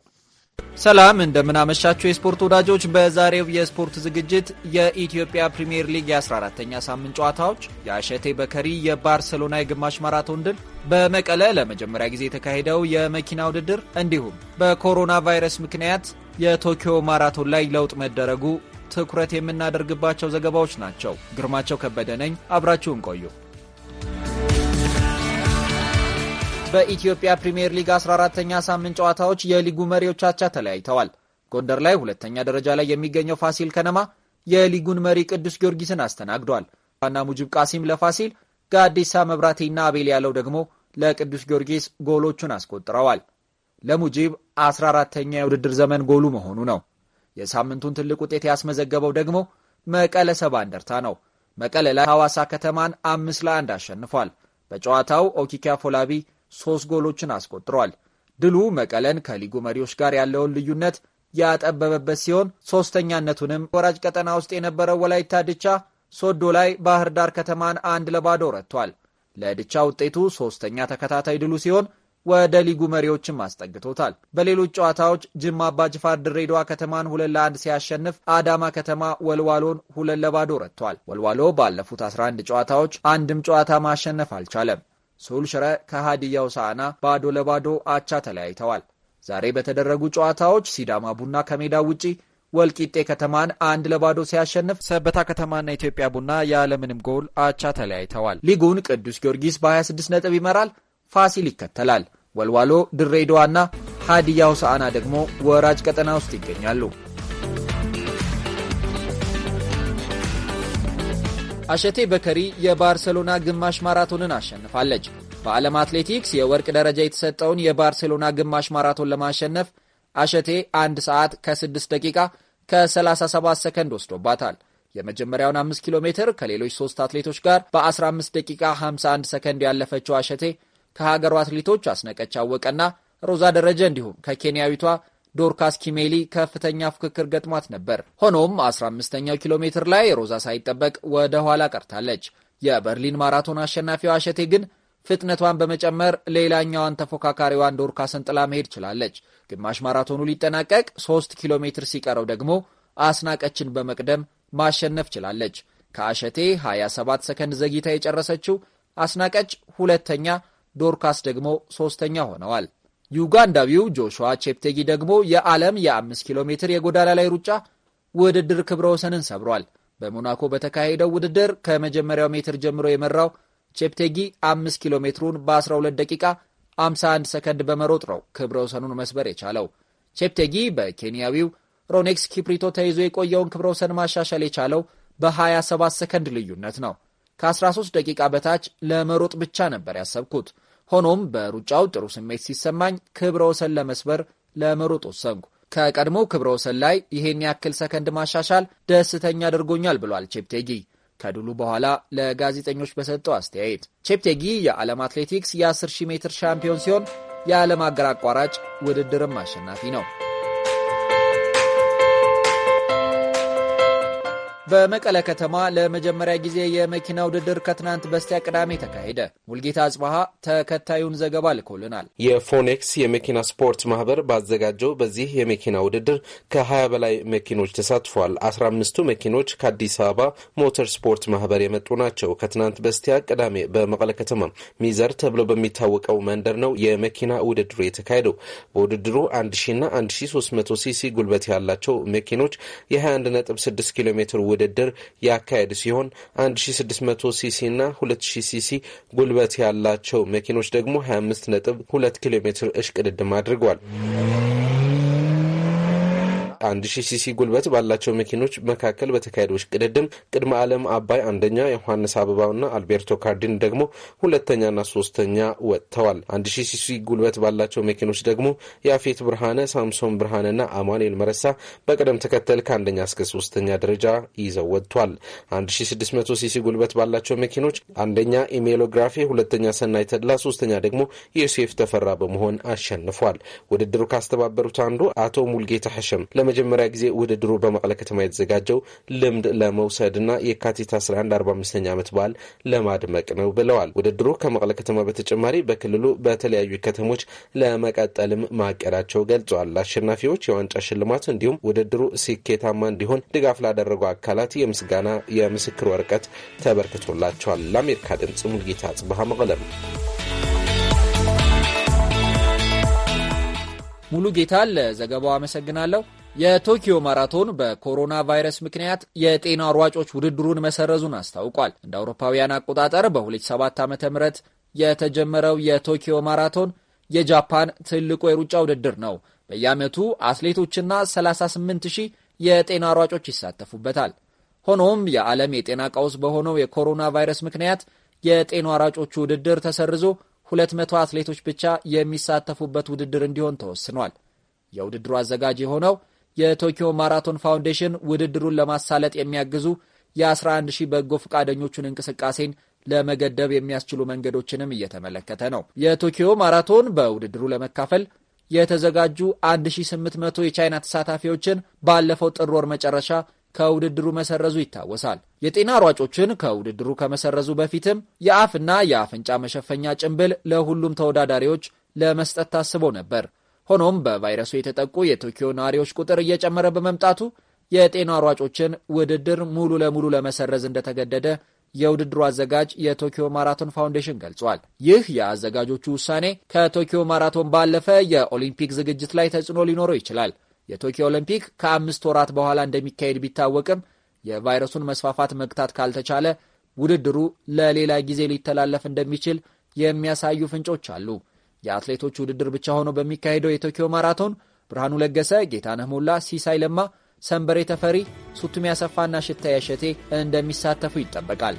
ሰላም እንደምናመሻችሁ የስፖርት ወዳጆች። በዛሬው የስፖርት ዝግጅት የኢትዮጵያ ፕሪምየር ሊግ የ14ተኛ ሳምንት ጨዋታዎች፣ የአሸቴ በከሪ የባርሰሎና የግማሽ ማራቶን ድል፣ በመቀለ ለመጀመሪያ ጊዜ የተካሄደው የመኪና ውድድር እንዲሁም በኮሮና ቫይረስ ምክንያት የቶኪዮ ማራቶን ላይ ለውጥ መደረጉ ትኩረት የምናደርግባቸው ዘገባዎች ናቸው። ግርማቸው ከበደ ነኝ። አብራችሁን ቆዩ። በኢትዮጵያ ፕሪምየር ሊግ 14ተኛ ሳምንት ጨዋታዎች የሊጉ መሪዎች አቻ ተለያይተዋል። ጎንደር ላይ ሁለተኛ ደረጃ ላይ የሚገኘው ፋሲል ከነማ የሊጉን መሪ ቅዱስ ጊዮርጊስን አስተናግዷል። ዋና ሙጅብ ቃሲም ለፋሲል፣ ጋዲሳ መብራቴና አቤል ያለው ደግሞ ለቅዱስ ጊዮርጊስ ጎሎቹን አስቆጥረዋል። ለሙጂብ 14ተኛ የውድድር ዘመን ጎሉ መሆኑ ነው። የሳምንቱን ትልቅ ውጤት ያስመዘገበው ደግሞ መቀለ ሰባ እንደርታ ነው። መቀለ ላይ ሐዋሳ ከተማን አምስት ለአንድ አሸንፏል። በጨዋታው ኦኪኪያ ፎላቢ ሶስት ጎሎችን አስቆጥሯል። ድሉ መቀለን ከሊጉ መሪዎች ጋር ያለውን ልዩነት ያጠበበበት ሲሆን ሶስተኛነቱንም ወራጅ ቀጠና ውስጥ የነበረው ወላይታ ድቻ ሶዶ ላይ ባህር ዳር ከተማን አንድ ለባዶ ረቷል። ለድቻ ውጤቱ ሶስተኛ ተከታታይ ድሉ ሲሆን ወደ ሊጉ መሪዎችም አስጠግቶታል። በሌሎች ጨዋታዎች ጅማ አባጅፋር ድሬዳዋ ከተማን ሁለት ለአንድ ሲያሸንፍ አዳማ ከተማ ወልዋሎን ሁለት ለባዶ ረጥቷል። ወልዋሎ ባለፉት 11 ጨዋታዎች አንድም ጨዋታ ማሸነፍ አልቻለም። ሱል ሽረ ከሃዲያ ሆሳዕና ባዶ ለባዶ አቻ ተለያይተዋል። ዛሬ በተደረጉ ጨዋታዎች ሲዳማ ቡና ከሜዳ ውጪ ወልቂጤ ከተማን አንድ ለባዶ ሲያሸንፍ ሰበታ ከተማና ኢትዮጵያ ቡና ያለምንም ጎል አቻ ተለያይተዋል። ሊጉን ቅዱስ ጊዮርጊስ በ26 ነጥብ ይመራል። ፋሲል ይከተላል። ወልዋሎ ድሬዳዋና ሃዲያ ሆሳዕና ደግሞ ወራጅ ቀጠና ውስጥ ይገኛሉ። አሸቴ በከሪ የባርሴሎና ግማሽ ማራቶንን አሸንፋለች። በዓለም አትሌቲክስ የወርቅ ደረጃ የተሰጠውን የባርሴሎና ግማሽ ማራቶን ለማሸነፍ አሸቴ 1 ሰዓት ከ6 ደቂቃ ከ37 ሰከንድ ወስዶባታል። የመጀመሪያውን 5 ኪሎ ሜትር ከሌሎች ሶስት አትሌቶች ጋር በ15 ደቂቃ 51 ሰከንድ ያለፈችው አሸቴ ከሀገሯ አትሌቶች አስነቀች አወቀና ሮዛ ደረጀ እንዲሁም ከኬንያዊቷ ዶርካስ ኪሜሊ ከፍተኛ ፉክክር ገጥሟት ነበር። ሆኖም 15ኛው ኪሎ ሜትር ላይ ሮዛ ሳይጠበቅ ወደ ኋላ ቀርታለች። የበርሊን ማራቶን አሸናፊዋ አሸቴ ግን ፍጥነቷን በመጨመር ሌላኛዋን ተፎካካሪዋን ዶርካስን ጥላ መሄድ ችላለች። ግማሽ ማራቶኑ ሊጠናቀቅ 3 ኪሎ ሜትር ሲቀረው ደግሞ አስናቀችን በመቅደም ማሸነፍ ችላለች። ከአሸቴ 27 ሰከንድ ዘግይታ የጨረሰችው አስናቀች ሁለተኛ፣ ዶርካስ ደግሞ ሦስተኛ ሆነዋል። ዩጋንዳዊው ጆሹዋ ቼፕቴጊ ደግሞ የዓለም የ5 ኪሎ ሜትር የጎዳና ላይ ሩጫ ውድድር ክብረ ወሰንን ሰብሯል። በሞናኮ በተካሄደው ውድድር ከመጀመሪያው ሜትር ጀምሮ የመራው ቼፕቴጊ 5 ኪሎ ሜትሩን በ12 ደቂቃ 51 ሰከንድ በመሮጥ ነው ክብረ ወሰኑን መስበር የቻለው። ቼፕቴጊ በኬንያዊው ሮኔክስ ኪፕሪቶ ተይዞ የቆየውን ክብረ ወሰን ማሻሻል የቻለው በ27 ሰከንድ ልዩነት ነው። ከ13 ደቂቃ በታች ለመሮጥ ብቻ ነበር ያሰብኩት ሆኖም በሩጫው ጥሩ ስሜት ሲሰማኝ ክብረ ወሰን ለመስበር ለመሮጥ ወሰንኩ። ከቀድሞ ክብረ ወሰን ላይ ይህን ያክል ሰከንድ ማሻሻል ደስተኛ አድርጎኛል ብሏል ቼፕቴጊ ከድሉ በኋላ ለጋዜጠኞች በሰጠው አስተያየት። ቼፕቴጊ የዓለም አትሌቲክስ የ10,000 ሜትር ሻምፒዮን ሲሆን የዓለም አገር አቋራጭ ውድድርም አሸናፊ ነው። በመቀለ ከተማ ለመጀመሪያ ጊዜ የመኪና ውድድር ከትናንት በስቲያ ቅዳሜ ተካሄደ። ሙልጌታ አጽባሃ ተከታዩን ዘገባ ልኮልናል። የፎኔክስ የመኪና ስፖርት ማህበር ባዘጋጀው በዚህ የመኪና ውድድር ከ20 በላይ መኪኖች ተሳትፏል። 15ቱ መኪኖች ከአዲስ አበባ ሞተር ስፖርት ማህበር የመጡ ናቸው። ከትናንት በስቲያ ቅዳሜ በመቀለ ከተማ ሚዘር ተብሎ በሚታወቀው መንደር ነው የመኪና ውድድሩ የተካሄደው። በውድድሩ 1 ና 1300 ሲሲ ጉልበት ያላቸው መኪኖች የ21.6 ኪሎ ሜትር ውድድር ያካሄድ ሲሆን 1600 ሲሲ እና 2000 ሲሲ ጉልበት ያላቸው መኪኖች ደግሞ 25 2 ኪሎ ሜትር እሽቅድድም አድርጓል። አንድ ሺህ ሲሲ ጉልበት ባላቸው መኪኖች መካከል በተካሄደው ቅድድም ቅድመ ዓለም አባይ አንደኛ፣ ዮሐንስ አበባውና አልቤርቶ ካርዲን ደግሞ ሁለተኛና ሶስተኛ ወጥተዋል። አንድ ሺህ ሲሲ ጉልበት ባላቸው መኪኖች ደግሞ የአፌት ብርሃነ፣ ሳምሶን ብርሃነና አማኑኤል መረሳ በቅደም ተከተል ከአንደኛ እስከ ሶስተኛ ደረጃ ይዘው ወጥቷል። አንድ ሺህ ስድስት መቶ ሲሲ ጉልበት ባላቸው መኪኖች አንደኛ ኢሜሎግራፊ፣ ሁለተኛ ሰናይ ተድላ፣ ሶስተኛ ደግሞ የዮሴፍ ተፈራ በመሆን አሸንፏል። ውድድሩ ካስተባበሩት አንዱ አቶ ሙልጌታ ሐሸም ለመጀመሪያ ጊዜ ውድድሩ በመቀለ ከተማ የተዘጋጀው ልምድ ለመውሰድና የካቲት 11 45ኛ ዓመት በዓል ለማድመቅ ነው ብለዋል። ውድድሩ ከመቀለ ከተማ በተጨማሪ በክልሉ በተለያዩ ከተሞች ለመቀጠልም ማቀዳቸው ገልጿል። አሸናፊዎች የዋንጫ ሽልማት እንዲሁም ውድድሩ ስኬታማ እንዲሆን ድጋፍ ላደረጉ አካላት የምስጋና የምስክር ወረቀት ተበርክቶላቸዋል። ለአሜሪካ ድምፅ ሙልጌታ ጽብሃ መቀለም ሙሉ ጌታ ለዘገባው አመሰግናለሁ። የቶኪዮ ማራቶን በኮሮና ቫይረስ ምክንያት የጤና ሯጮች ውድድሩን መሰረዙን አስታውቋል። እንደ አውሮፓውያን አቆጣጠር በ2007 ዓ ም የተጀመረው የቶኪዮ ማራቶን የጃፓን ትልቁ የሩጫ ውድድር ነው። በየዓመቱ አትሌቶችና 38 ሺህ የጤና ሯጮች ይሳተፉበታል። ሆኖም የዓለም የጤና ቀውስ በሆነው የኮሮና ቫይረስ ምክንያት የጤና ሯጮቹ ውድድር ተሰርዞ 200 አትሌቶች ብቻ የሚሳተፉበት ውድድር እንዲሆን ተወስኗል። የውድድሩ አዘጋጅ የሆነው የቶኪዮ ማራቶን ፋውንዴሽን ውድድሩን ለማሳለጥ የሚያግዙ የ11 ሺህ በጎ ፈቃደኞቹን እንቅስቃሴን ለመገደብ የሚያስችሉ መንገዶችንም እየተመለከተ ነው። የቶኪዮ ማራቶን በውድድሩ ለመካፈል የተዘጋጁ 1800 የቻይና ተሳታፊዎችን ባለፈው ጥር ወር መጨረሻ ከውድድሩ መሰረዙ ይታወሳል። የጤና ሯጮችን ከውድድሩ ከመሰረዙ በፊትም የአፍና የአፍንጫ መሸፈኛ ጭንብል ለሁሉም ተወዳዳሪዎች ለመስጠት ታስቦ ነበር። ሆኖም በቫይረሱ የተጠቁ የቶኪዮ ነዋሪዎች ቁጥር እየጨመረ በመምጣቱ የጤና ሯጮችን ውድድር ሙሉ ለሙሉ ለመሰረዝ እንደተገደደ የውድድሩ አዘጋጅ የቶኪዮ ማራቶን ፋውንዴሽን ገልጿል። ይህ የአዘጋጆቹ ውሳኔ ከቶኪዮ ማራቶን ባለፈ የኦሊምፒክ ዝግጅት ላይ ተጽዕኖ ሊኖረው ይችላል። የቶኪዮ ኦሊምፒክ ከአምስት ወራት በኋላ እንደሚካሄድ ቢታወቅም የቫይረሱን መስፋፋት መግታት ካልተቻለ ውድድሩ ለሌላ ጊዜ ሊተላለፍ እንደሚችል የሚያሳዩ ፍንጮች አሉ። የአትሌቶች ውድድር ብቻ ሆኖ በሚካሄደው የቶኪዮ ማራቶን ብርሃኑ ለገሰ፣ ጌታነህ ሞላ፣ ሲሳይ ለማ፣ ሰንበሬ ተፈሪ፣ ሱቱሜ አሰፋና ሽታ ያሸቴ እንደሚሳተፉ ይጠበቃል።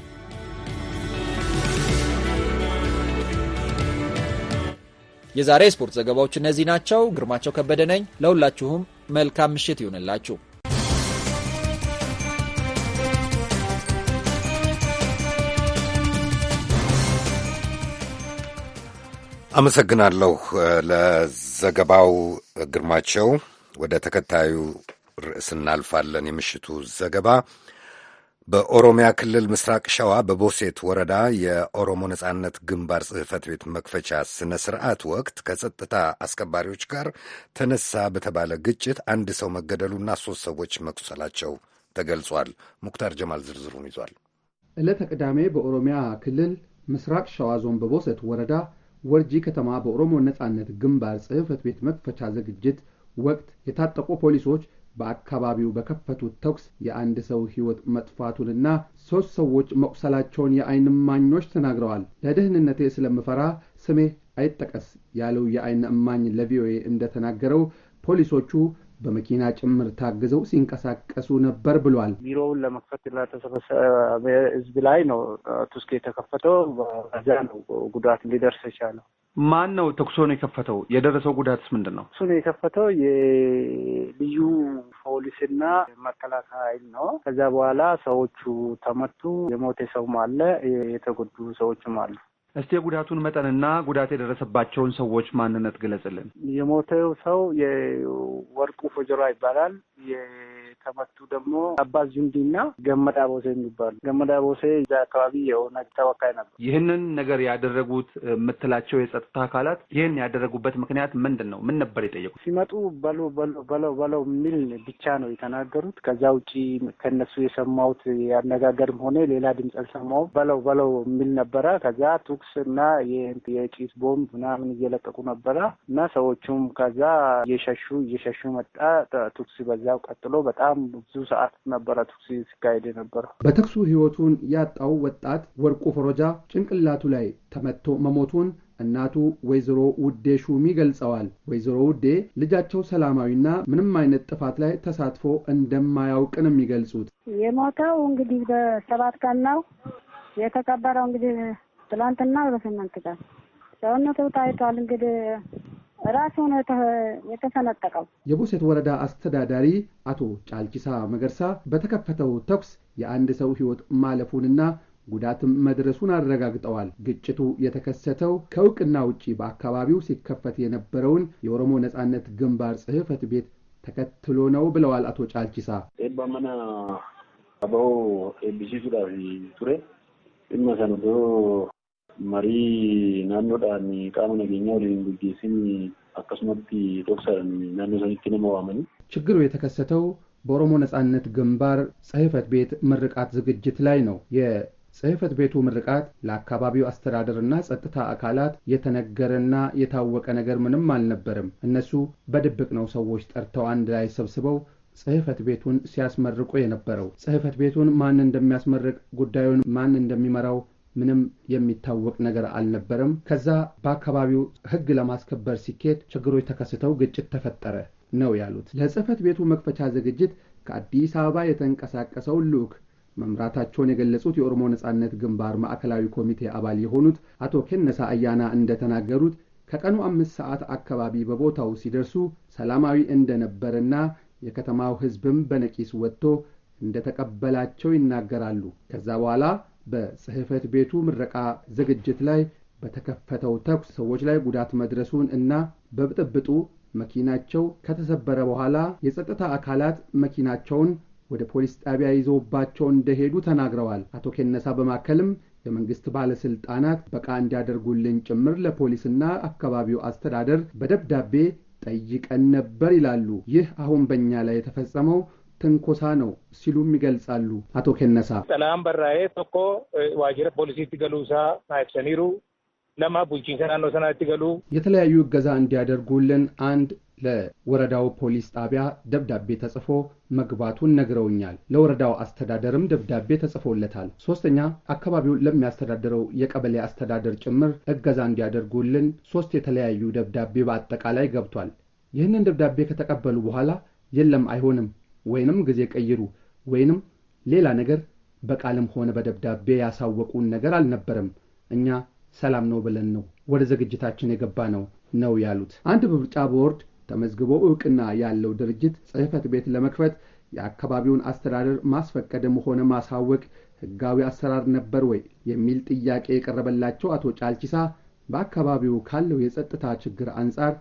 የዛሬ ስፖርት ዘገባዎች እነዚህ ናቸው። ግርማቸው ከበደ ነኝ። ለሁላችሁም መልካም ምሽት ይሁንላችሁ። አመሰግናለሁ ለዘገባው ግርማቸው። ወደ ተከታዩ ርዕስ እናልፋለን። የምሽቱ ዘገባ በኦሮሚያ ክልል ምስራቅ ሸዋ በቦሴት ወረዳ የኦሮሞ ነጻነት ግንባር ጽህፈት ቤት መክፈቻ ስነ ስርዓት ወቅት ከጸጥታ አስከባሪዎች ጋር ተነሳ በተባለ ግጭት አንድ ሰው መገደሉና ሶስት ሰዎች መቁሰላቸው ተገልጿል። ሙክታር ጀማል ዝርዝሩን ይዟል። ዕለተ ቅዳሜ በኦሮሚያ ክልል ምስራቅ ሸዋ ዞን በቦሴት ወረዳ ወርጂ ከተማ በኦሮሞ ነጻነት ግንባር ጽሕፈት ቤት መክፈቻ ዝግጅት ወቅት የታጠቁ ፖሊሶች በአካባቢው በከፈቱት ተኩስ የአንድ ሰው ሕይወት መጥፋቱንና ሦስት ሰዎች መቁሰላቸውን የዓይን እማኞች ተናግረዋል። ለደህንነቴ ስለምፈራ ስሜ አይጠቀስ ያለው የአይን እማኝ ለቪኦኤ እንደተናገረው ፖሊሶቹ በመኪና ጭምር ታግዘው ሲንቀሳቀሱ ነበር ብሏል። ቢሮውን ለመክፈት ለተሰበሰበ ህዝብ ላይ ነው ቱስክ የተከፈተው። በዛ ነው ጉዳት ሊደርስ የቻለው። ማን ነው ተኩሶን የከፈተው? የደረሰው ጉዳትስ ምንድን ነው? እሱን የከፈተው የልዩ ፖሊስና መከላከያ ኃይል ነው። ከዛ በኋላ ሰዎቹ ተመቱ። የሞተ ሰውም አለ፣ የተጎዱ ሰዎችም አሉ። እስቲ የጉዳቱን መጠንና ጉዳት የደረሰባቸውን ሰዎች ማንነት ግለጽልን። የሞተው ሰው የወርቁ ፎጀራ ይባላል። የተመቱ ደግሞ አባ ዙንዲና ገመዳ ቦሴ የሚባሉ ገመዳ ቦሴ እዚ አካባቢ የሆነ ተወካይ ነበር። ይህንን ነገር ያደረጉት የምትላቸው የጸጥታ አካላት ይህን ያደረጉበት ምክንያት ምንድን ነው? ምን ነበር የጠየቁት? ሲመጡ በሎ በሎ በሎ በሎ የሚል ብቻ ነው የተናገሩት። ከዛ ውጪ ከነሱ የሰማሁት አነጋገርም ሆነ ሌላ ድምፅ አልሰማሁም። በለው በለው የሚል ነበረ። ከዛ ተኩስ እና የጭስ ቦምብ ምናምን እየለቀቁ ነበረ እና ሰዎቹም ከዛ እየሸሹ እየሸሹ መጣ። ተኩስ በዛው ቀጥሎ በጣም ብዙ ሰዓት ነበረ ተኩስ ሲካሄድ ነበረ በተኩሱ ህይወቱን ያጣው ወጣት ወርቁ ፈሮጃ ጭንቅላቱ ላይ ተመትቶ መሞቱን እናቱ ወይዘሮ ውዴ ሹሚ ገልጸዋል። ወይዘሮ ውዴ ልጃቸው ሰላማዊና ምንም አይነት ጥፋት ላይ ተሳትፎ እንደማያውቅን የሚገልጹት የሞተው እንግዲህ በሰባት ቀን ነው የተቀበረው እንግዲህ ትላንትና በስምንት ቀን ሰውነቱ ታይቷል። እንግዲህ ራሱ ነው የተሰነጠቀው። የቦሴት ወረዳ አስተዳዳሪ አቶ ጫልኪሳ መገርሳ በተከፈተው ተኩስ የአንድ ሰው ሕይወት ማለፉንና ጉዳትም መድረሱን አረጋግጠዋል። ግጭቱ የተከሰተው ከእውቅና ውጪ በአካባቢው ሲከፈት የነበረውን የኦሮሞ ነጻነት ግንባር ጽሕፈት ቤት ተከትሎ ነው ብለዋል አቶ ጫልቺሳ። ባመና አበው ብሲሱዳ ቱሬ marii naannoodhaan qaama nageenyaa waliin gaggeessin አቀስመቲ ዶክተርን ናኖሰኒትን መዋመን ችግሩ የተከሰተው በኦሮሞ ነጻነት ግንባር ጽህፈት ቤት ምርቃት ዝግጅት ላይ ነው። የጽህፈት ቤቱ ምርቃት ለአካባቢው አስተዳደርና ጸጥታ አካላት የተነገረና የታወቀ ነገር ምንም አልነበርም። እነሱ በድብቅ ነው ሰዎች ጠርተው አንድ ላይ ሰብስበው ጽህፈት ቤቱን ሲያስመርቁ የነበረው። ጽህፈት ቤቱን ማን እንደሚያስመርቅ፣ ጉዳዩን ማን እንደሚመራው ምንም የሚታወቅ ነገር አልነበረም። ከዛ በአካባቢው ህግ ለማስከበር ሲኬድ ችግሮች ተከስተው ግጭት ተፈጠረ ነው ያሉት። ለጽህፈት ቤቱ መክፈቻ ዝግጅት ከአዲስ አበባ የተንቀሳቀሰው ልዑክ መምራታቸውን የገለጹት የኦሮሞ ነጻነት ግንባር ማዕከላዊ ኮሚቴ አባል የሆኑት አቶ ኬነሳ አያና እንደተናገሩት ከቀኑ አምስት ሰዓት አካባቢ በቦታው ሲደርሱ ሰላማዊ እንደነበርና የከተማው ህዝብም በነቂስ ወጥቶ እንደተቀበላቸው ይናገራሉ። ከዛ በኋላ በጽሕፈት ቤቱ ምረቃ ዝግጅት ላይ በተከፈተው ተኩስ ሰዎች ላይ ጉዳት መድረሱን እና በብጥብጡ መኪናቸው ከተሰበረ በኋላ የጸጥታ አካላት መኪናቸውን ወደ ፖሊስ ጣቢያ ይዘውባቸው እንደሄዱ ተናግረዋል። አቶ ኬነሳ በማከልም የመንግስት ባለስልጣናት በቃ እንዲያደርጉልን ጭምር ለፖሊስና አካባቢው አስተዳደር በደብዳቤ ጠይቀን ነበር ይላሉ። ይህ አሁን በእኛ ላይ የተፈጸመው ትንኮሳ ነው ሲሉም ይገልጻሉ። አቶ ኬነሳ ጠላም በራዬ ቶኮ ዋጅረ ፖሊሲቲ ገሉሳ ናይብሰኒሩ ለማ ቡልቺንሰ ናኖ ሰና ትገሉ የተለያዩ እገዛ እንዲያደርጉልን አንድ ለወረዳው ፖሊስ ጣቢያ ደብዳቤ ተጽፎ መግባቱን ነግረውኛል። ለወረዳው አስተዳደርም ደብዳቤ ተጽፎለታል። ሶስተኛ አካባቢው ለሚያስተዳድረው የቀበሌ አስተዳደር ጭምር እገዛ እንዲያደርጉልን ሶስት የተለያዩ ደብዳቤ በአጠቃላይ ገብቷል። ይህንን ደብዳቤ ከተቀበሉ በኋላ የለም አይሆንም ወይንም ጊዜ ቀይሩ ወይንም ሌላ ነገር በቃልም ሆነ በደብዳቤ ያሳወቁን ነገር አልነበረም እኛ ሰላም ነው ብለን ነው ወደ ዝግጅታችን የገባ ነው ነው ያሉት አንድ በምርጫ ቦርድ ተመዝግቦ እውቅና ያለው ድርጅት ጽሕፈት ቤት ለመክፈት የአካባቢውን አስተዳደር ማስፈቀድም ሆነ ማሳወቅ ሕጋዊ አሰራር ነበር ወይ የሚል ጥያቄ የቀረበላቸው አቶ ጫልቺሳ በአካባቢው ካለው የጸጥታ ችግር አንጻር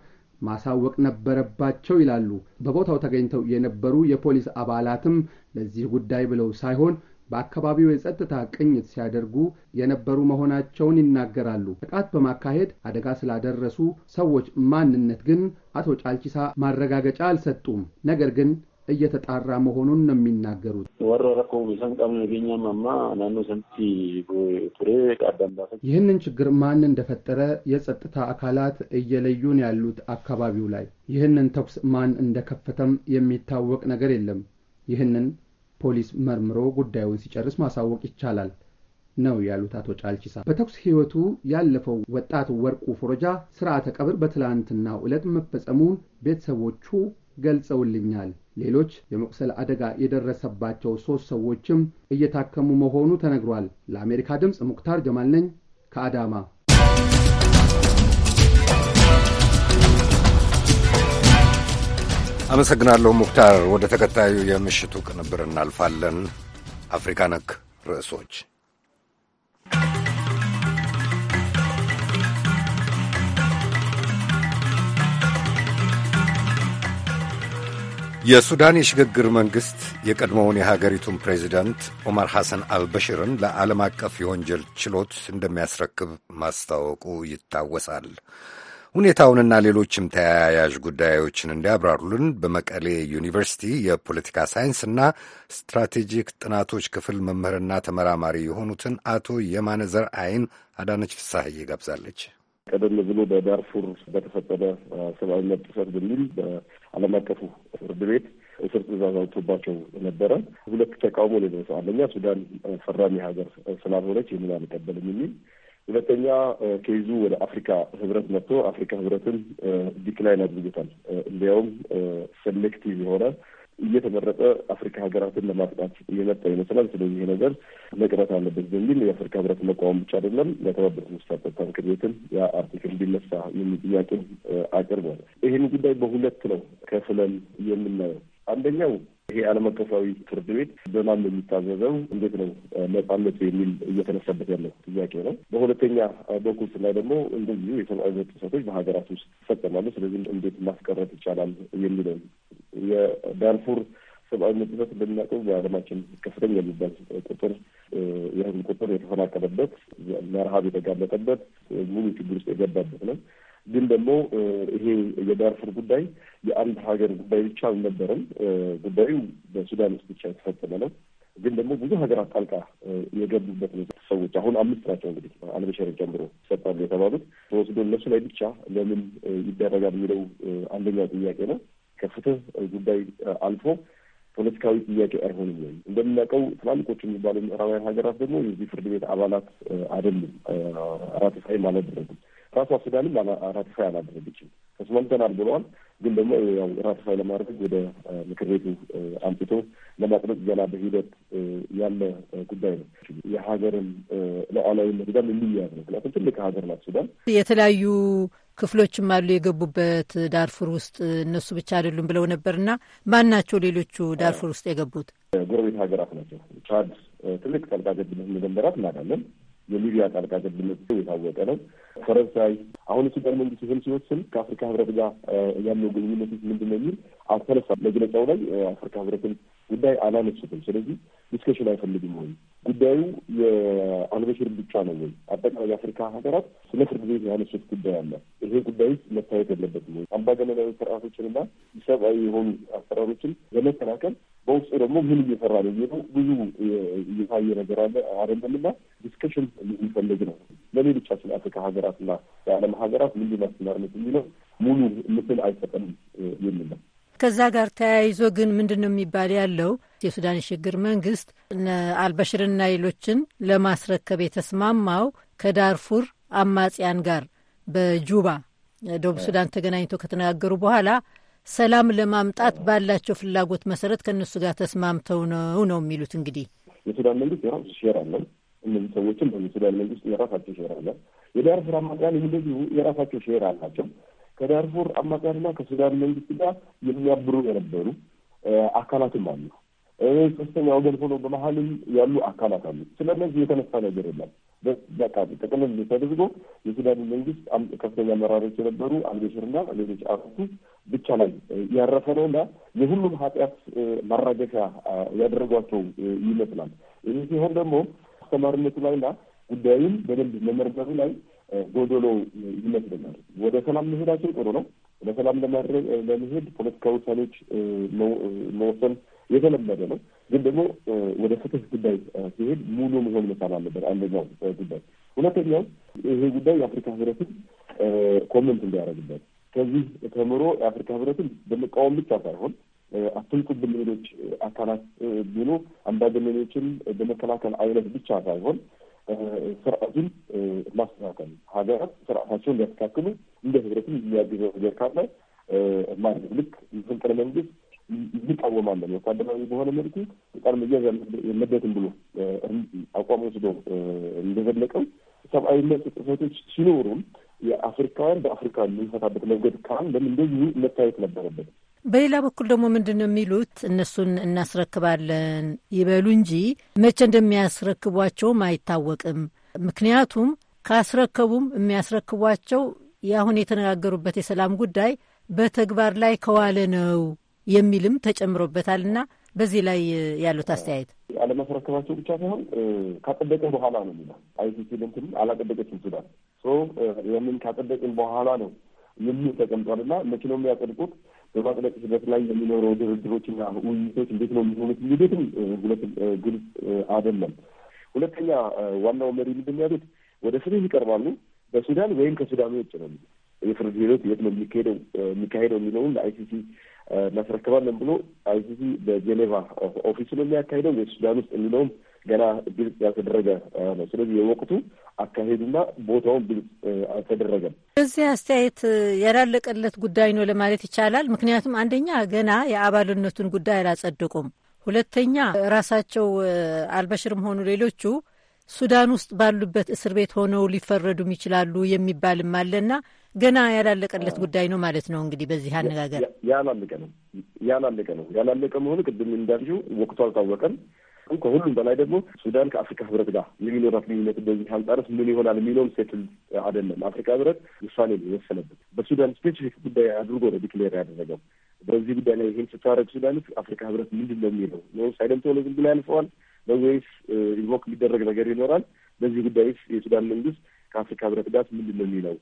ማሳወቅ ነበረባቸው ይላሉ። በቦታው ተገኝተው የነበሩ የፖሊስ አባላትም ለዚህ ጉዳይ ብለው ሳይሆን በአካባቢው የጸጥታ ቅኝት ሲያደርጉ የነበሩ መሆናቸውን ይናገራሉ። ጥቃት በማካሄድ አደጋ ስላደረሱ ሰዎች ማንነት ግን አቶ ጫልቺሳ ማረጋገጫ አልሰጡም። ነገር ግን እየተጣራ መሆኑን ነው የሚናገሩት። ይህንን ችግር ማን እንደፈጠረ የጸጥታ አካላት እየለዩን ያሉት አካባቢው ላይ ይህንን ተኩስ ማን እንደከፈተም የሚታወቅ ነገር የለም። ይህንን ፖሊስ መርምሮ ጉዳዩን ሲጨርስ ማሳወቅ ይቻላል ነው ያሉት አቶ ጫልቺሳ። በተኩስ ሕይወቱ ያለፈው ወጣት ወርቁ ፎረጃ ስርዓተ ቀብር በትላንትናው ዕለት መፈጸሙን ቤተሰቦቹ ገልጸውልኛል። ሌሎች የመቁሰል አደጋ የደረሰባቸው ሦስት ሰዎችም እየታከሙ መሆኑ ተነግሯል። ለአሜሪካ ድምፅ ሙክታር ጀማል ነኝ ከአዳማ። አመሰግናለሁ ሙክታር። ወደ ተከታዩ የምሽቱ ቅንብር እናልፋለን። አፍሪካ ነክ ርዕሶች የሱዳን የሽግግር መንግሥት የቀድሞውን የሀገሪቱን ፕሬዚዳንት ኦማር ሐሰን አልበሽርን ለዓለም አቀፍ የወንጀል ችሎት እንደሚያስረክብ ማስታወቁ ይታወሳል። ሁኔታውንና ሌሎችም ተያያዥ ጉዳዮችን እንዲያብራሩልን በመቀሌ ዩኒቨርሲቲ የፖለቲካ ሳይንስና ስትራቴጂክ ጥናቶች ክፍል መምህርና ተመራማሪ የሆኑትን አቶ የማነ አይን አዳነች ፍሳሐዬ ጋብዛለች። ቀደም ብሎ በዳርፉር በተፈጸመ ሰብአዊነት ጥሰት በሚል ዓለም አቀፉ ፍርድ ቤት እስር ትዕዛዝ አውጥቶባቸው ነበረ። ሁለት ተቃውሞ ነው የደረሰው። አንደኛ ሱዳን ፈራሚ ሀገር ስላልሆነች ይህንን አንቀበልም የሚል ሁለተኛ ከይዙ ወደ አፍሪካ ህብረት መጥቶ አፍሪካ ህብረትን ዲክላይን አድርጎታል። እንዲያውም ሴሌክቲቭ የሆነ እየተመረጠ አፍሪካ ሀገራትን ለማጥቃት እየመጣ ይመስላል። ስለዚህ ይሄ ነገር መቅረት አለበት በሚል የአፍሪካ ህብረት መቃወም ብቻ አይደለም ለተባበሩት መንግስታት ጸጥታ ምክር ቤትም ያ አርቲክል እንዲነሳ የሚል ጥያቄም አቅርቧል። ይህን ጉዳይ በሁለት ነው ከፍለን የምናየው። አንደኛው ይሄ ዓለም አቀፋዊ ፍርድ ቤት በማን ነው የሚታዘዘው? እንዴት ነው ነጻነቱ የሚል እየተነሳበት ያለው ጥያቄ ነው። በሁለተኛ በኩል ስናይ ደግሞ እንደዚሁ የሰብአዊ መብት ጥሰቶች በሀገራት ውስጥ ይፈጸማሉ። ስለዚህ እንዴት ማስቀረት ይቻላል የሚለው የዳርፉር ሰብአዊ መብት ጥሰት እንደምናውቀው በዓለማችን ከፍተኛ የሚባል ቁጥር የህዝብ ቁጥር የተፈናቀለበት ለረሀብ የተጋለጠበት ሙሉ ችግር ውስጥ የገባበት ነው። ግን ደግሞ ይሄ የዳርፉር ጉዳይ የአንድ ሀገር ጉዳይ ብቻ አልነበረም። ጉዳዩ በሱዳን ውስጥ ብቻ የተፈጸመ ነው። ግን ደግሞ ብዙ ሀገራት ጣልቃ የገቡበት ነው። ሰዎች አሁን አምስት ናቸው እንግዲህ አልበሸርን ጨምሮ ይሰጣሉ የተባሉት ተወስዶ እነሱ ላይ ብቻ ለምን ይደረጋል የሚለው አንደኛው ጥያቄ ነው። ከፍትህ ጉዳይ አልፎ ፖለቲካዊ ጥያቄ አይሆንም ወይ? እንደምናውቀው ትላልቆቹ የሚባሉ ምዕራባውያን ሀገራት ደግሞ የዚህ ፍርድ ቤት አባላት አይደሉም፣ ራቲፋይ አላደረጉም። ራሷ ሱዳንም ራቲፋይ አላደረገችም። ተስማምተናል ብለዋል። ግን ደግሞ ያው ራቲፋይ ለማድረግ ወደ ምክር ቤቱ አምጥቶ ለማጽደቅ ገና በሂደት ያለ ጉዳይ ነው። የሀገርን ሉዓላዊነት ጋር የሚያያዝ ነው። ምክንያቱም ትልቅ ሀገር ናት ሱዳን። የተለያዩ ክፍሎችም አሉ የገቡበት ዳርፉር ውስጥ እነሱ ብቻ አይደሉም ብለው ነበርና ማን ናቸው ሌሎቹ ዳርፉር ውስጥ የገቡት? ጎረቤት ሀገራት ናቸው። ቻድ ትልቅ ጣልቃ ገብነት መጀመራት እናውቃለን። የሊቢያ ጣልቃ ገብነት የታወቀ ነው። ፈረንሳይ አሁን የሱዳን መንግስት ይህን ሲወስን ከአፍሪካ ህብረት ጋር ያለው ግንኙነት ምንድን ነው የሚል አልተነሳ። መግለጫው ላይ አፍሪካ ህብረትን ጉዳይ አላነሱትም። ስለዚህ ዲስከሽን አይፈልግም ወይ ጉዳዩ የአልበሽር ብቻ ነው ወይ? አጠቃላይ የአፍሪካ ሀገራት ስለ ፍርድ ቤት ያነሱት ጉዳይ አለ። ይሄ ጉዳይ መታየት የለበትም ወይ? አምባገነናዊ ስርዓቶችንና ሰብአዊ የሆኑ አሰራሮችን ለመከላከል በውስጡ ደግሞ ምን እየሰራ ነው የሚለው ብዙ እየታየ ነገር አለ አይደለምና ዲስከሽን የሚፈልግ ነው። ለሌ ብቻ ስለ አፍሪካ ሀገራትና የዓለም ሀገራት ምን ሊመስመርነት የሚለው ሙሉ ምስል አይሰጠንም የሚለው ከዛ ጋር ተያይዞ ግን ምንድን ነው የሚባል ያለው የሱዳን የሽግግር መንግስት አልበሽርና ሌሎችን ለማስረከብ የተስማማው ከዳርፉር አማጽያን ጋር በጁባ ደቡብ ሱዳን ተገናኝቶ ከተነጋገሩ በኋላ ሰላም ለማምጣት ባላቸው ፍላጎት መሰረት ከእነሱ ጋር ተስማምተው ነው ነው የሚሉት። እንግዲህ የሱዳን መንግስት የራሱ ሼር አለው። እነዚህ ሰዎችም በሱዳን መንግስት የራሳቸው ሼር አለ። የዳርፉር አማጽያንም እንደዚሁ የራሳቸው ሼር አላቸው። ከዳርፉር አማጽያንና ከሱዳን መንግስት ጋር የሚያብሩ የነበሩ አካላትም አሉ። ሶስተኛ ወገን ሆኖ በመሀልም ያሉ አካላት አሉ። ስለነዚህ የተነሳ ነገር የለም። በቃ ጥቅልል ተደርጎ የሱዳን መንግስት ከፍተኛ አመራሮች የነበሩ አልበሽርና ሌሎች አራቱ ብቻ ላይ ያረፈ ነው እና የሁሉም ኃጢአት ማራገሻ ያደረጓቸው ይመስላል። ይህ ሲሆን ደግሞ አስተማሪነቱ ላይና ጉዳዩን በደንብ መመርመሩ ላይ ጎዶሎ ይመስለኛል። ወደ ሰላም መሄዳቸው ጥሩ ነው። ወደ ሰላም ለመሄድ ፖለቲካ ውሳኔዎች መወሰን የተለመደ ነው። ግን ደግሞ ወደ ፍትህ ጉዳይ ሲሄድ ሙሉ መሆን መቻል አለበት። አንደኛው ጉዳይ። ሁለተኛው ይሄ ጉዳይ የአፍሪካ ህብረትን ኮመንት እንዲያደርግበት ከዚህ ተምሮ የአፍሪካ ህብረትን በመቃወም ብቻ ሳይሆን አትንኩብን ሌሎች አካላት ብሎ አምባገነኖችን በመከላከል አይነት ብቻ ሳይሆን ስርዓቱን ማስተካከል ሀገራት ስርዓታቸውን ሊያስተካክሉ እንደ ህብረትም የሚያግዘው ነገር ካለ ማለት ልክ መፈንቅለ መንግስት እንቃወማለን። ወታደራዊ በሆነ መልኩ ቃል መያዝ የለበትም ብሎ አቋም ወስዶ እንደዘለቀው ሰብአዊነት ጥሰቶች ሲኖሩም የአፍሪካውያን በአፍሪካ የሚፈታበት መንገድ ካለም እንደዚሁ መታየት ነበረበት። በሌላ በኩል ደግሞ ምንድን ነው የሚሉት እነሱን እናስረክባለን ይበሉ እንጂ መቼ እንደሚያስረክቧቸውም አይታወቅም። ምክንያቱም ካስረከቡም የሚያስረክቧቸው የአሁን የተነጋገሩበት የሰላም ጉዳይ በተግባር ላይ ከዋለ ነው የሚልም ተጨምሮበታልና በዚህ ላይ ያሉት አስተያየት አለማስረከባቸው ብቻ ሳይሆን ካጸደቅን በኋላ ነው ሚላ አይሲሲ ልንትም አላጸደቀችም ሱዳን ያንን ካጸደቅን በኋላ ነው የሚል ተቀምጧል ተቀምጧልና መኪኖ የሚያጸድቁት በማጽደቅ ሂደት ላይ የሚኖረው ድርድሮችና ውይይቶች እንዴት ነው የሚሆኑት የሚሉትም ሁለት ግልጽ አይደለም። ሁለተኛ ዋናው መሪ ምንድን ያሉት? ወደ ፍትህ ይቀርባሉ በሱዳን ወይም ከሱዳን ውጭ ነው የፍርድ ሂደት የት ነው የሚካሄደው የሚካሄደው የሚለውን ለአይሲሲ እናስረክባለን ብሎ አይሲሲ በጄኔቫ ኦፊሱ ነው የሚያካሄደው ወይ ሱዳን ውስጥ የሚለውም ገና ግልጽ ያልተደረገ ነው። ስለዚህ የወቅቱ አካሄዱና ቦታውን ግልጽ አልተደረገም። በዚህ አስተያየት ያላለቀለት ጉዳይ ነው ለማለት ይቻላል። ምክንያቱም አንደኛ ገና የአባልነቱን ጉዳይ አላጸደቁም። ሁለተኛ ራሳቸው አልበሽርም ሆኑ ሌሎቹ ሱዳን ውስጥ ባሉበት እስር ቤት ሆነው ሊፈረዱም ይችላሉ የሚባልም አለና ገና ያላለቀለት ጉዳይ ነው ማለት ነው። እንግዲህ በዚህ አነጋገር ያላለቀ ነው ያላለቀ ነው። ያላለቀ መሆኑ ቅድም እንዳልሽው ወቅቱ አልታወቀም። ከሁሉም በላይ ደግሞ ሱዳን ከአፍሪካ ህብረት ጋር የሚኖራት ልዩነት በዚህ አንጻርስ ምን ይሆናል የሚለውም ሴትል አይደለም። አፍሪካ ህብረት ውሳኔ ነው የወሰነበት በሱዳን ስፔሲፊክ ጉዳይ አድርጎ ነው ዲክሌር ያደረገው። በዚህ ጉዳይ ላይ ይህን ስታረግ ሱዳን ውስጥ አፍሪካ ህብረት ምንድን ነው የሚለው ነው ሳይለም ዝም ብላ ያልፈዋል። ነው ወይስ ኢንቮክ የሚደረግ ነገር ይኖራል? በዚህ ጉዳይ ውስጥ የሱዳን መንግስት ከአፍሪካ ህብረት ጋር ምንድን ነው የሚለው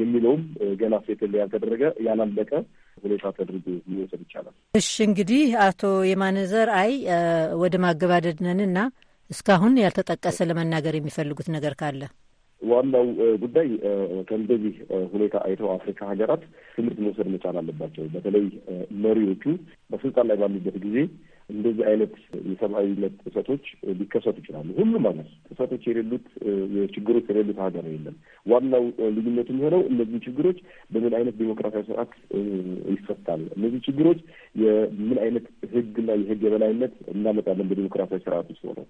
የሚለውም ገና ሴትል ያልተደረገ ያላለቀ ሁኔታ ተደርጎ መውሰድ ይቻላል። እሺ እንግዲህ አቶ የማነዘር አይ ወደ ማገባደድ ነን እና እስካሁን ያልተጠቀሰ ለመናገር የሚፈልጉት ነገር ካለ ዋናው ጉዳይ ከእንደዚህ ሁኔታ አይተው አፍሪካ ሀገራት ትምህርት መውሰድ መቻል አለባቸው። በተለይ መሪዎቹ በስልጣን ላይ ባሉበት ጊዜ እንደዚህ አይነት የሰብአዊ መብት ጥሰቶች ሊከሰቱ ይችላሉ። ሁሉም ማለት ጥሰቶች የሌሉት ችግሮች የሌሉት ሀገር የለም። ዋናው ልዩነቱ የሚሆነው እነዚህ ችግሮች በምን አይነት ዴሞክራሲያዊ ስርዓት ይፈታል። እነዚህ ችግሮች የምን አይነት ህግና የህግ የበላይነት እናመጣለን በዴሞክራሲያዊ ስርዓት ውስጥ ሆነ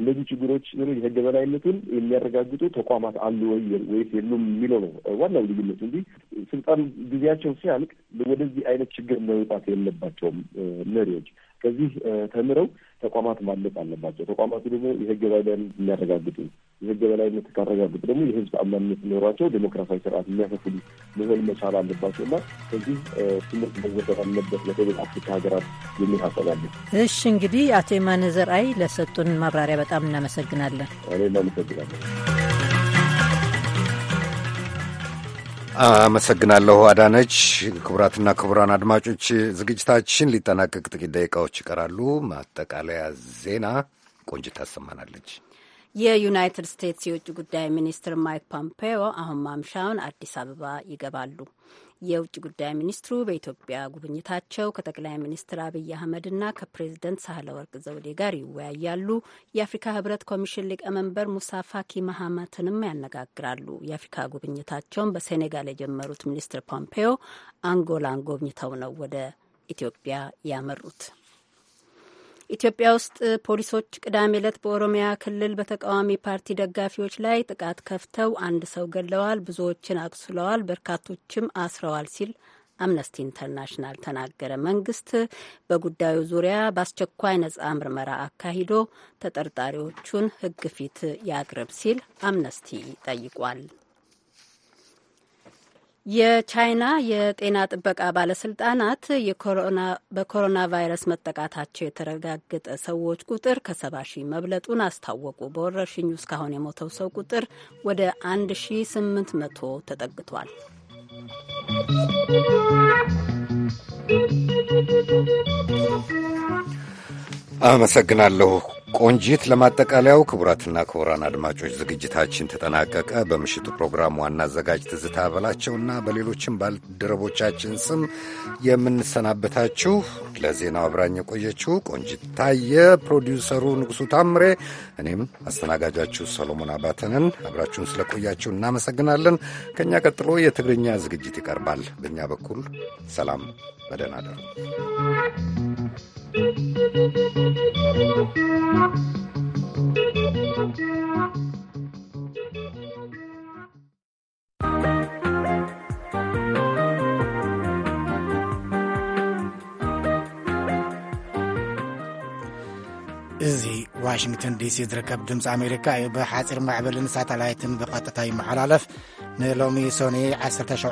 እነዚህ ችግሮች የህግ የበላይነቱን የሚያረጋግጡ ተቋማት አሉ ወይ ወይስ የሉም የሚለው ነው ዋናው ልዩነቱ እንጂ ስልጣን ጊዜያቸው ሲያልቅ ወደዚህ አይነት ችግር መውጣት የለባቸውም መሪዎች ከዚህ ተምረው ተቋማት ማለት አለባቸው። ተቋማቱ ደግሞ የህግ የበላይነት የሚያረጋግጡ የህግ የበላይነት ካረጋግጡ ደግሞ የህዝብ አማኝነት ኖሯቸው ዴሞክራሲያዊ ስርዓት የሚያሰፍሉ መሆን መቻል አለባቸው እና ከዚህ ትምህርት መዘበር አለበት በተለይ አፍሪካ ሀገራት የሚል አሰባለ። እሺ እንግዲህ አቶ የማነ ዘርአይ ለሰጡን ማብራሪያ በጣም እናመሰግናለን። እኔ እናመሰግናለን። አመሰግናለሁ አዳነች። ክቡራትና ክቡራን አድማጮች ዝግጅታችን ሊጠናቀቅ ጥቂት ደቂቃዎች ይቀራሉ። ማጠቃለያ ዜና ቆንጅት ታሰማናለች። የዩናይትድ ስቴትስ የውጭ ጉዳይ ሚኒስትር ማይክ ፖምፔዮ አሁን ማምሻውን አዲስ አበባ ይገባሉ። የውጭ ጉዳይ ሚኒስትሩ በኢትዮጵያ ጉብኝታቸው ከጠቅላይ ሚኒስትር አብይ አህመድና ከፕሬዝደንት ሳህለ ወርቅ ዘውዴ ጋር ይወያያሉ። የአፍሪካ ህብረት ኮሚሽን ሊቀመንበር ሙሳ ፋኪ መሐማትንም ያነጋግራሉ። የአፍሪካ ጉብኝታቸውን በሴኔጋል የጀመሩት ሚኒስትር ፖምፔዮ አንጎላን ጎብኝተው ነው ወደ ኢትዮጵያ ያመሩት። ኢትዮጵያ ውስጥ ፖሊሶች ቅዳሜ ዕለት በኦሮሚያ ክልል በተቃዋሚ ፓርቲ ደጋፊዎች ላይ ጥቃት ከፍተው አንድ ሰው ገለዋል። ብዙዎችን አቁስለዋል፣ በርካቶችም አስረዋል ሲል አምነስቲ ኢንተርናሽናል ተናገረ። መንግስት በጉዳዩ ዙሪያ በአስቸኳይ ነጻ ምርመራ አካሂዶ ተጠርጣሪዎቹን ሕግ ፊት ያቅርብ ሲል አምነስቲ ጠይቋል። የቻይና የጤና ጥበቃ ባለስልጣናት በኮሮና ቫይረስ መጠቃታቸው የተረጋገጠ ሰዎች ቁጥር ከሰባ ሺህ መብለጡን አስታወቁ። በወረርሽኙ እስካሁን የሞተው ሰው ቁጥር ወደ አንድ ሺ ስምንት መቶ ተጠግቷል። አመሰግናለሁ። ቆንጂት ለማጠቃለያው። ክቡራትና ክቡራን አድማጮች ዝግጅታችን ተጠናቀቀ። በምሽቱ ፕሮግራም ዋና አዘጋጅ ትዝታ በላቸውና በሌሎችም ባልደረቦቻችን ስም የምንሰናበታችሁ ለዜናው አብራኝ የቆየችው ቆንጂት ታየ፣ ፕሮዲውሰሩ ንጉሡ ታምሬ፣ እኔም አስተናጋጃችሁ ሰሎሞን አባተንን አብራችሁን ስለቆያችሁ እናመሰግናለን። ከእኛ ቀጥሎ የትግርኛ ዝግጅት ይቀርባል። በእኛ በኩል ሰላም፣ በደህና እደሩ። ዋሽንግተን ዲሲ ዝርከብ ድምፂ ኣሜሪካ እዩ ብሓፂር ማዕበልን ሳተላይትን ብቐጥታ ይመሓላለፍ ንሎሚ ሶኒ 17